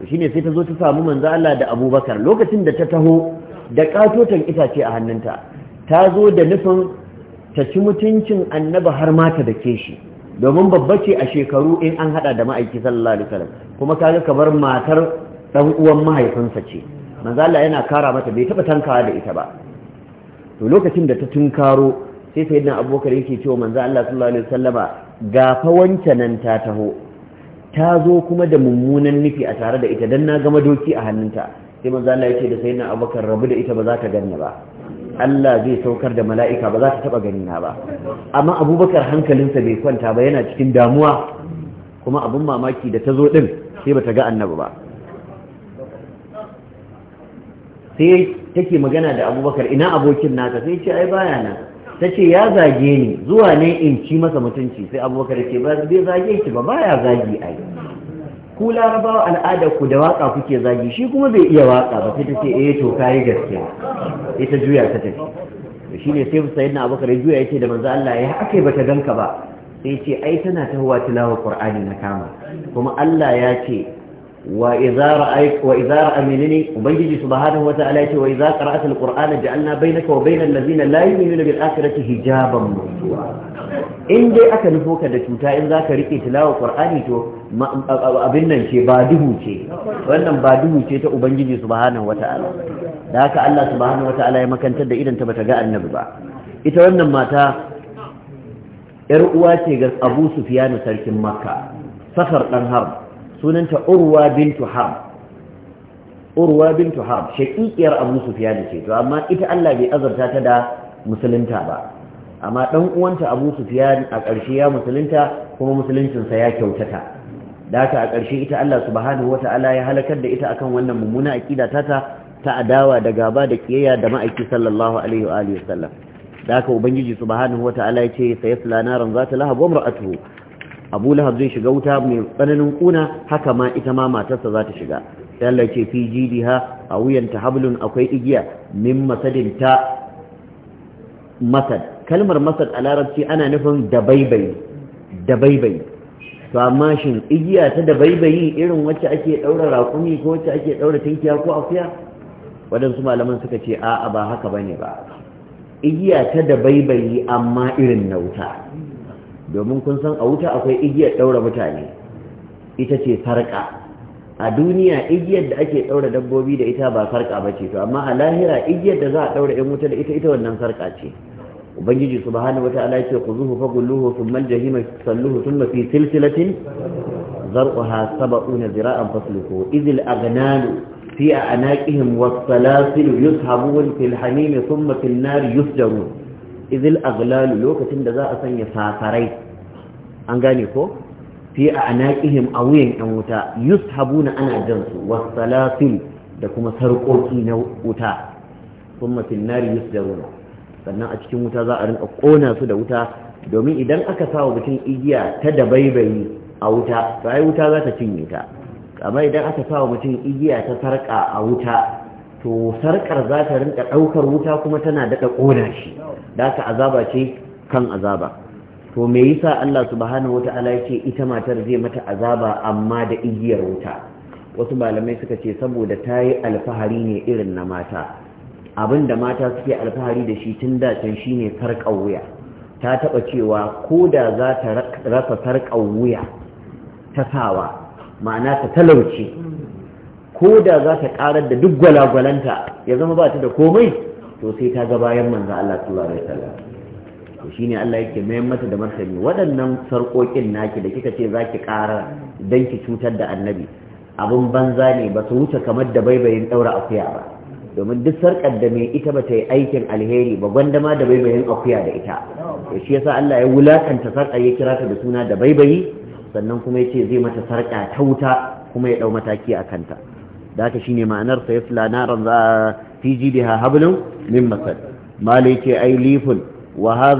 to shine sai ta zo ta samu manzo Allah da Abubakar lokacin da ta taho da katotan itace a hannunta ta zo da nufin ta ci mutuncin annaba har mata da dake shi domin babba ce a shekaru in an hada da ma'aiki sallallahu alaihi wasallam kuma kaga kamar matar dan uwan mahaifinsa ce Manzala yana kara mata bai taba tankawa da ita ba to lokacin da ta tunkaro sai sayyidina Abubakar yake cewa manzo Allah sallallahu alaihi wasallama ga fa wancan nan ta taho ta zo kuma da mummunan nufi a tare da ita dan na gama doki a hannunta sai manzo Allah yake da sayyidina Abubakar rabu da ita ba za ta ganna ba Allah zai saukar da mala'ika ba za ta taba gani na ba amma abubakar hankalinsa bai kwanta ba yana cikin damuwa kuma abin mamaki da ta zo ɗin sai ba ta ga Annabu ba sai take magana da abubakar ina abokin nata sai ce ai baya nan ta ce ya zage ni zuwa ne in ci masa mutunci sai abubakar ce ba zai zage ki ba baya zagi ai ku larabawa al'ada ku da waka kuke zagi shi kuma bai iya waka ba sai ta ce eh to kai gaskiya ita juya ta tafi shi ne sai sayyidina abubakar ya juya yace da manzo Allah ya akai bata ganka ba sai ce ai tana tahowa tilawa qur'ani na kama kuma Allah ya ce wa idza ra'ay wa idza ra'a minni ubangiji subhanahu wata'ala ya ce wa idza qara'ta al-qur'ana ja'alna bainaka wa bainal ladzina la yu'minuna bil akhirati hijaban mawdu'a in dai aka nufo ka da cuta in za ka riƙe tilawa ƙwar'ani to abin nan ce ba duhu ce wannan ba duhu ce ta ubangiji subhanahu wata'ala da haka Allah subhanahu wata'ala ya makantar da idan ta bata ga annabi ba ita wannan mata yar uwa ce ga Abu Sufyan sarkin Makka safar ɗan Harb sunanta Urwa bintu Harb Urwa bintu Harb shaƙiƙiyar Abu Sufyan ce to amma ita Allah bai azarta ta da musulunta ba amma dan uwanta Abu Sufyan a ƙarshe ya musulunta kuma musuluncinsa ya kyautata da haka a ƙarshe ita Allah subhanahu ta'ala ya halakar da ita akan wannan mummuna aqida ta ta adawa da gaba da kiyayya da ma'aiki sallallahu alaihi wa alihi wasallam da haka ubangiji subhanahu ta'ala ya ce sayasla naran zata lahab wa imra'atuhu Abu Lahab zai shiga wuta mai tsananin kuna haka ma ita ma matarsa za ta shiga sai Allah ya ce fi jidiha a wuyanta hablun akwai igiya min masadin ta masad kalmar masar a larabci ana nufin dabaibayi dabaibayi to amma shin igiya ta dabaibayi irin wacce ake ɗaura raƙumi ko wacce ake ɗaura tinkiya ko akuya waɗansu malaman suka ce a'a ba haka bane ba igiya ta dabaibayi amma irin na wuta domin kun san a wuta akwai igiyar ɗaura mutane ita ce sarƙa a duniya igiyar da ake ɗaura dabbobi da ita ba sarƙa ba ce to amma a lahira igiyar da za a ɗaura 'yan wuta da ita ita wannan sarƙa ce ubangiji subhanahu wata'ala yake khuzuhu faghulluhu thumma al-jahima salluhu thumma fi silsilatin zar'uha sab'una zira'an fasluhu idh al-aghnal fi anaqihim was-salasil yushabun fil hamim thumma fil nar yusjarun idh al lokacin da za a sanya safarai an gane ko fi anaqihim awiyan an wuta yushabuna ana jansu was-salasil da kuma sarƙoƙi na wuta thumma fil nar yusjarun sannan a cikin wuta za a rinka ƙona su da wuta domin idan aka sa wa mutum igiya ta dabaibayi a wuta to ai wuta za ta cinye ta amma idan aka sa wa mutum igiya ta sarka a wuta to sarkar za ta rinka ɗaukar wuta kuma tana daɗa ƙona shi da ka azaba ce kan azaba to me yasa Allah subhanahu wata'ala ya ce ita matar zai mata azaba amma da igiyar wuta wasu malamai suka ce saboda ta yi alfahari ne irin na mata abin da mata suke alfahari da shi tun da can shine sarƙar wuya ta taɓa cewa ko da za ta rasa sarƙar wuya ta sawa ma'ana ta talauce ko da za ta ƙarar da duk gwalagwalanta ya zama ba ta da komai to sai ta ga bayan manza Allah sallallahu alaihi wasallam to shine Allah yake mayan mata da martani waɗannan sarƙoƙin naki da kika ce zaki ƙara dan ki cutar da annabi Abin banza ne ba su wuce kamar da baibayin ɗaura akuya ba domin duk sarƙar da mai ita ba ta yi aikin alheri ba gwandama da baibayin akuya da ita to shi yasa Allah ya wulakanta sarƙar ya kira ta da suna da baibayi sannan kuma ya ce zai mata sarƙa ta wuta kuma ya ɗau mataki a kanta da haka shine ma'anar sa yasla naran a fi jibiha hablum min masad mali ce ai lifun wa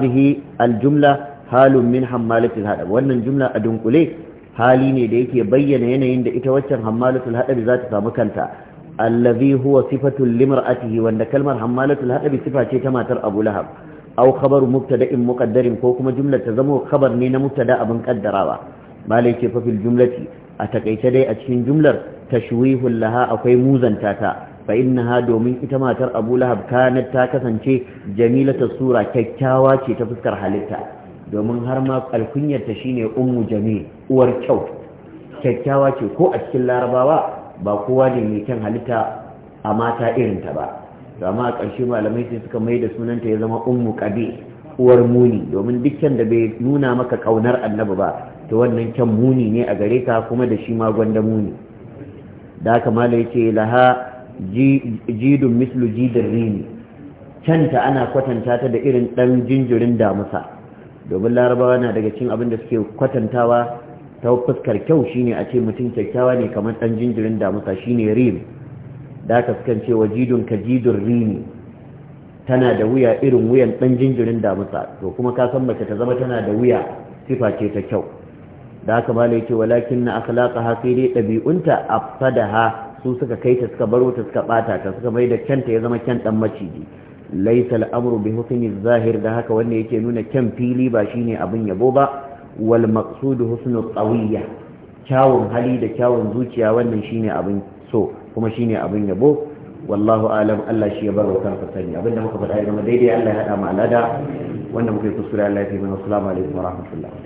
aljumla halun min hammalatil hadab wannan jumla a dunkule hali ne da yake bayyana yanayin da ita waccan hammalatul hadabi za ta samu kanta allazi huwa sifatul limra'atihi wanda kalmar hammalatul hadabi sifa ce ta matar Abu Lahab aw khabaru mubtada'in muqaddarin ko kuma jumlar ta zama khabar ne na mubtada abin kaddarawa malai ce fa fil jumlati a takaice dai a cikin jumlar tashwihul laha akwai muzanta ta fa innaha domin ita matar Abu Lahab kanat ta kasance jamilatu sura kyakkyawa ce ta fuskar halitta domin har ma alkunyar ta shine ummu jami uwar kyau kyakkyawa ce ko a cikin larabawa ba kowa ne mai kyan halitta a mata irinta ba to amma a ƙarshe malamai sai suka mai da sunanta ya zama ummu qabi uwar muni domin dukkan da bai nuna maka kaunar annabi ba to wannan kyan muni ne a gare ka kuma da shi ma gwanda muni da haka malai yace laha jidun mislu jidin rini canta ana kwatanta ta da irin ɗan jinjirin damusa domin larabawa na daga cikin abin da suke kwatantawa ta fuskar kyau shine a ce mutum kyakkyawa ne kamar ɗan jinjirin damusa shine rim da aka sukan ce jidun ka jidun rini tana da wuya irin wuyan ɗan jinjirin damusa to kuma ka san mace ta zama tana da wuya sifa ce ta kyau da aka bala yake walakin na akhlaqa ha sai dai ɗabi'unta afsadaha su suka kai ta suka baro ta suka bata ta suka mai da kyanta ya zama kyan ɗan maciji laisal al'amru bi husni zahir da haka wanne yake nuna kyan fili ba shine abin yabo ba wal maqsudu husnul qawiyya kyawun hali da kyawun zuciya wannan shine abin so kuma shine abin yabo wallahu alam Allah shi ya bar wa kansa sani abinda muka faɗa ya zama daidai Allah ya haɗa mu alada wanda muka yi kuskure Allah ya fi mana assalamu alaikum wa rahmatullah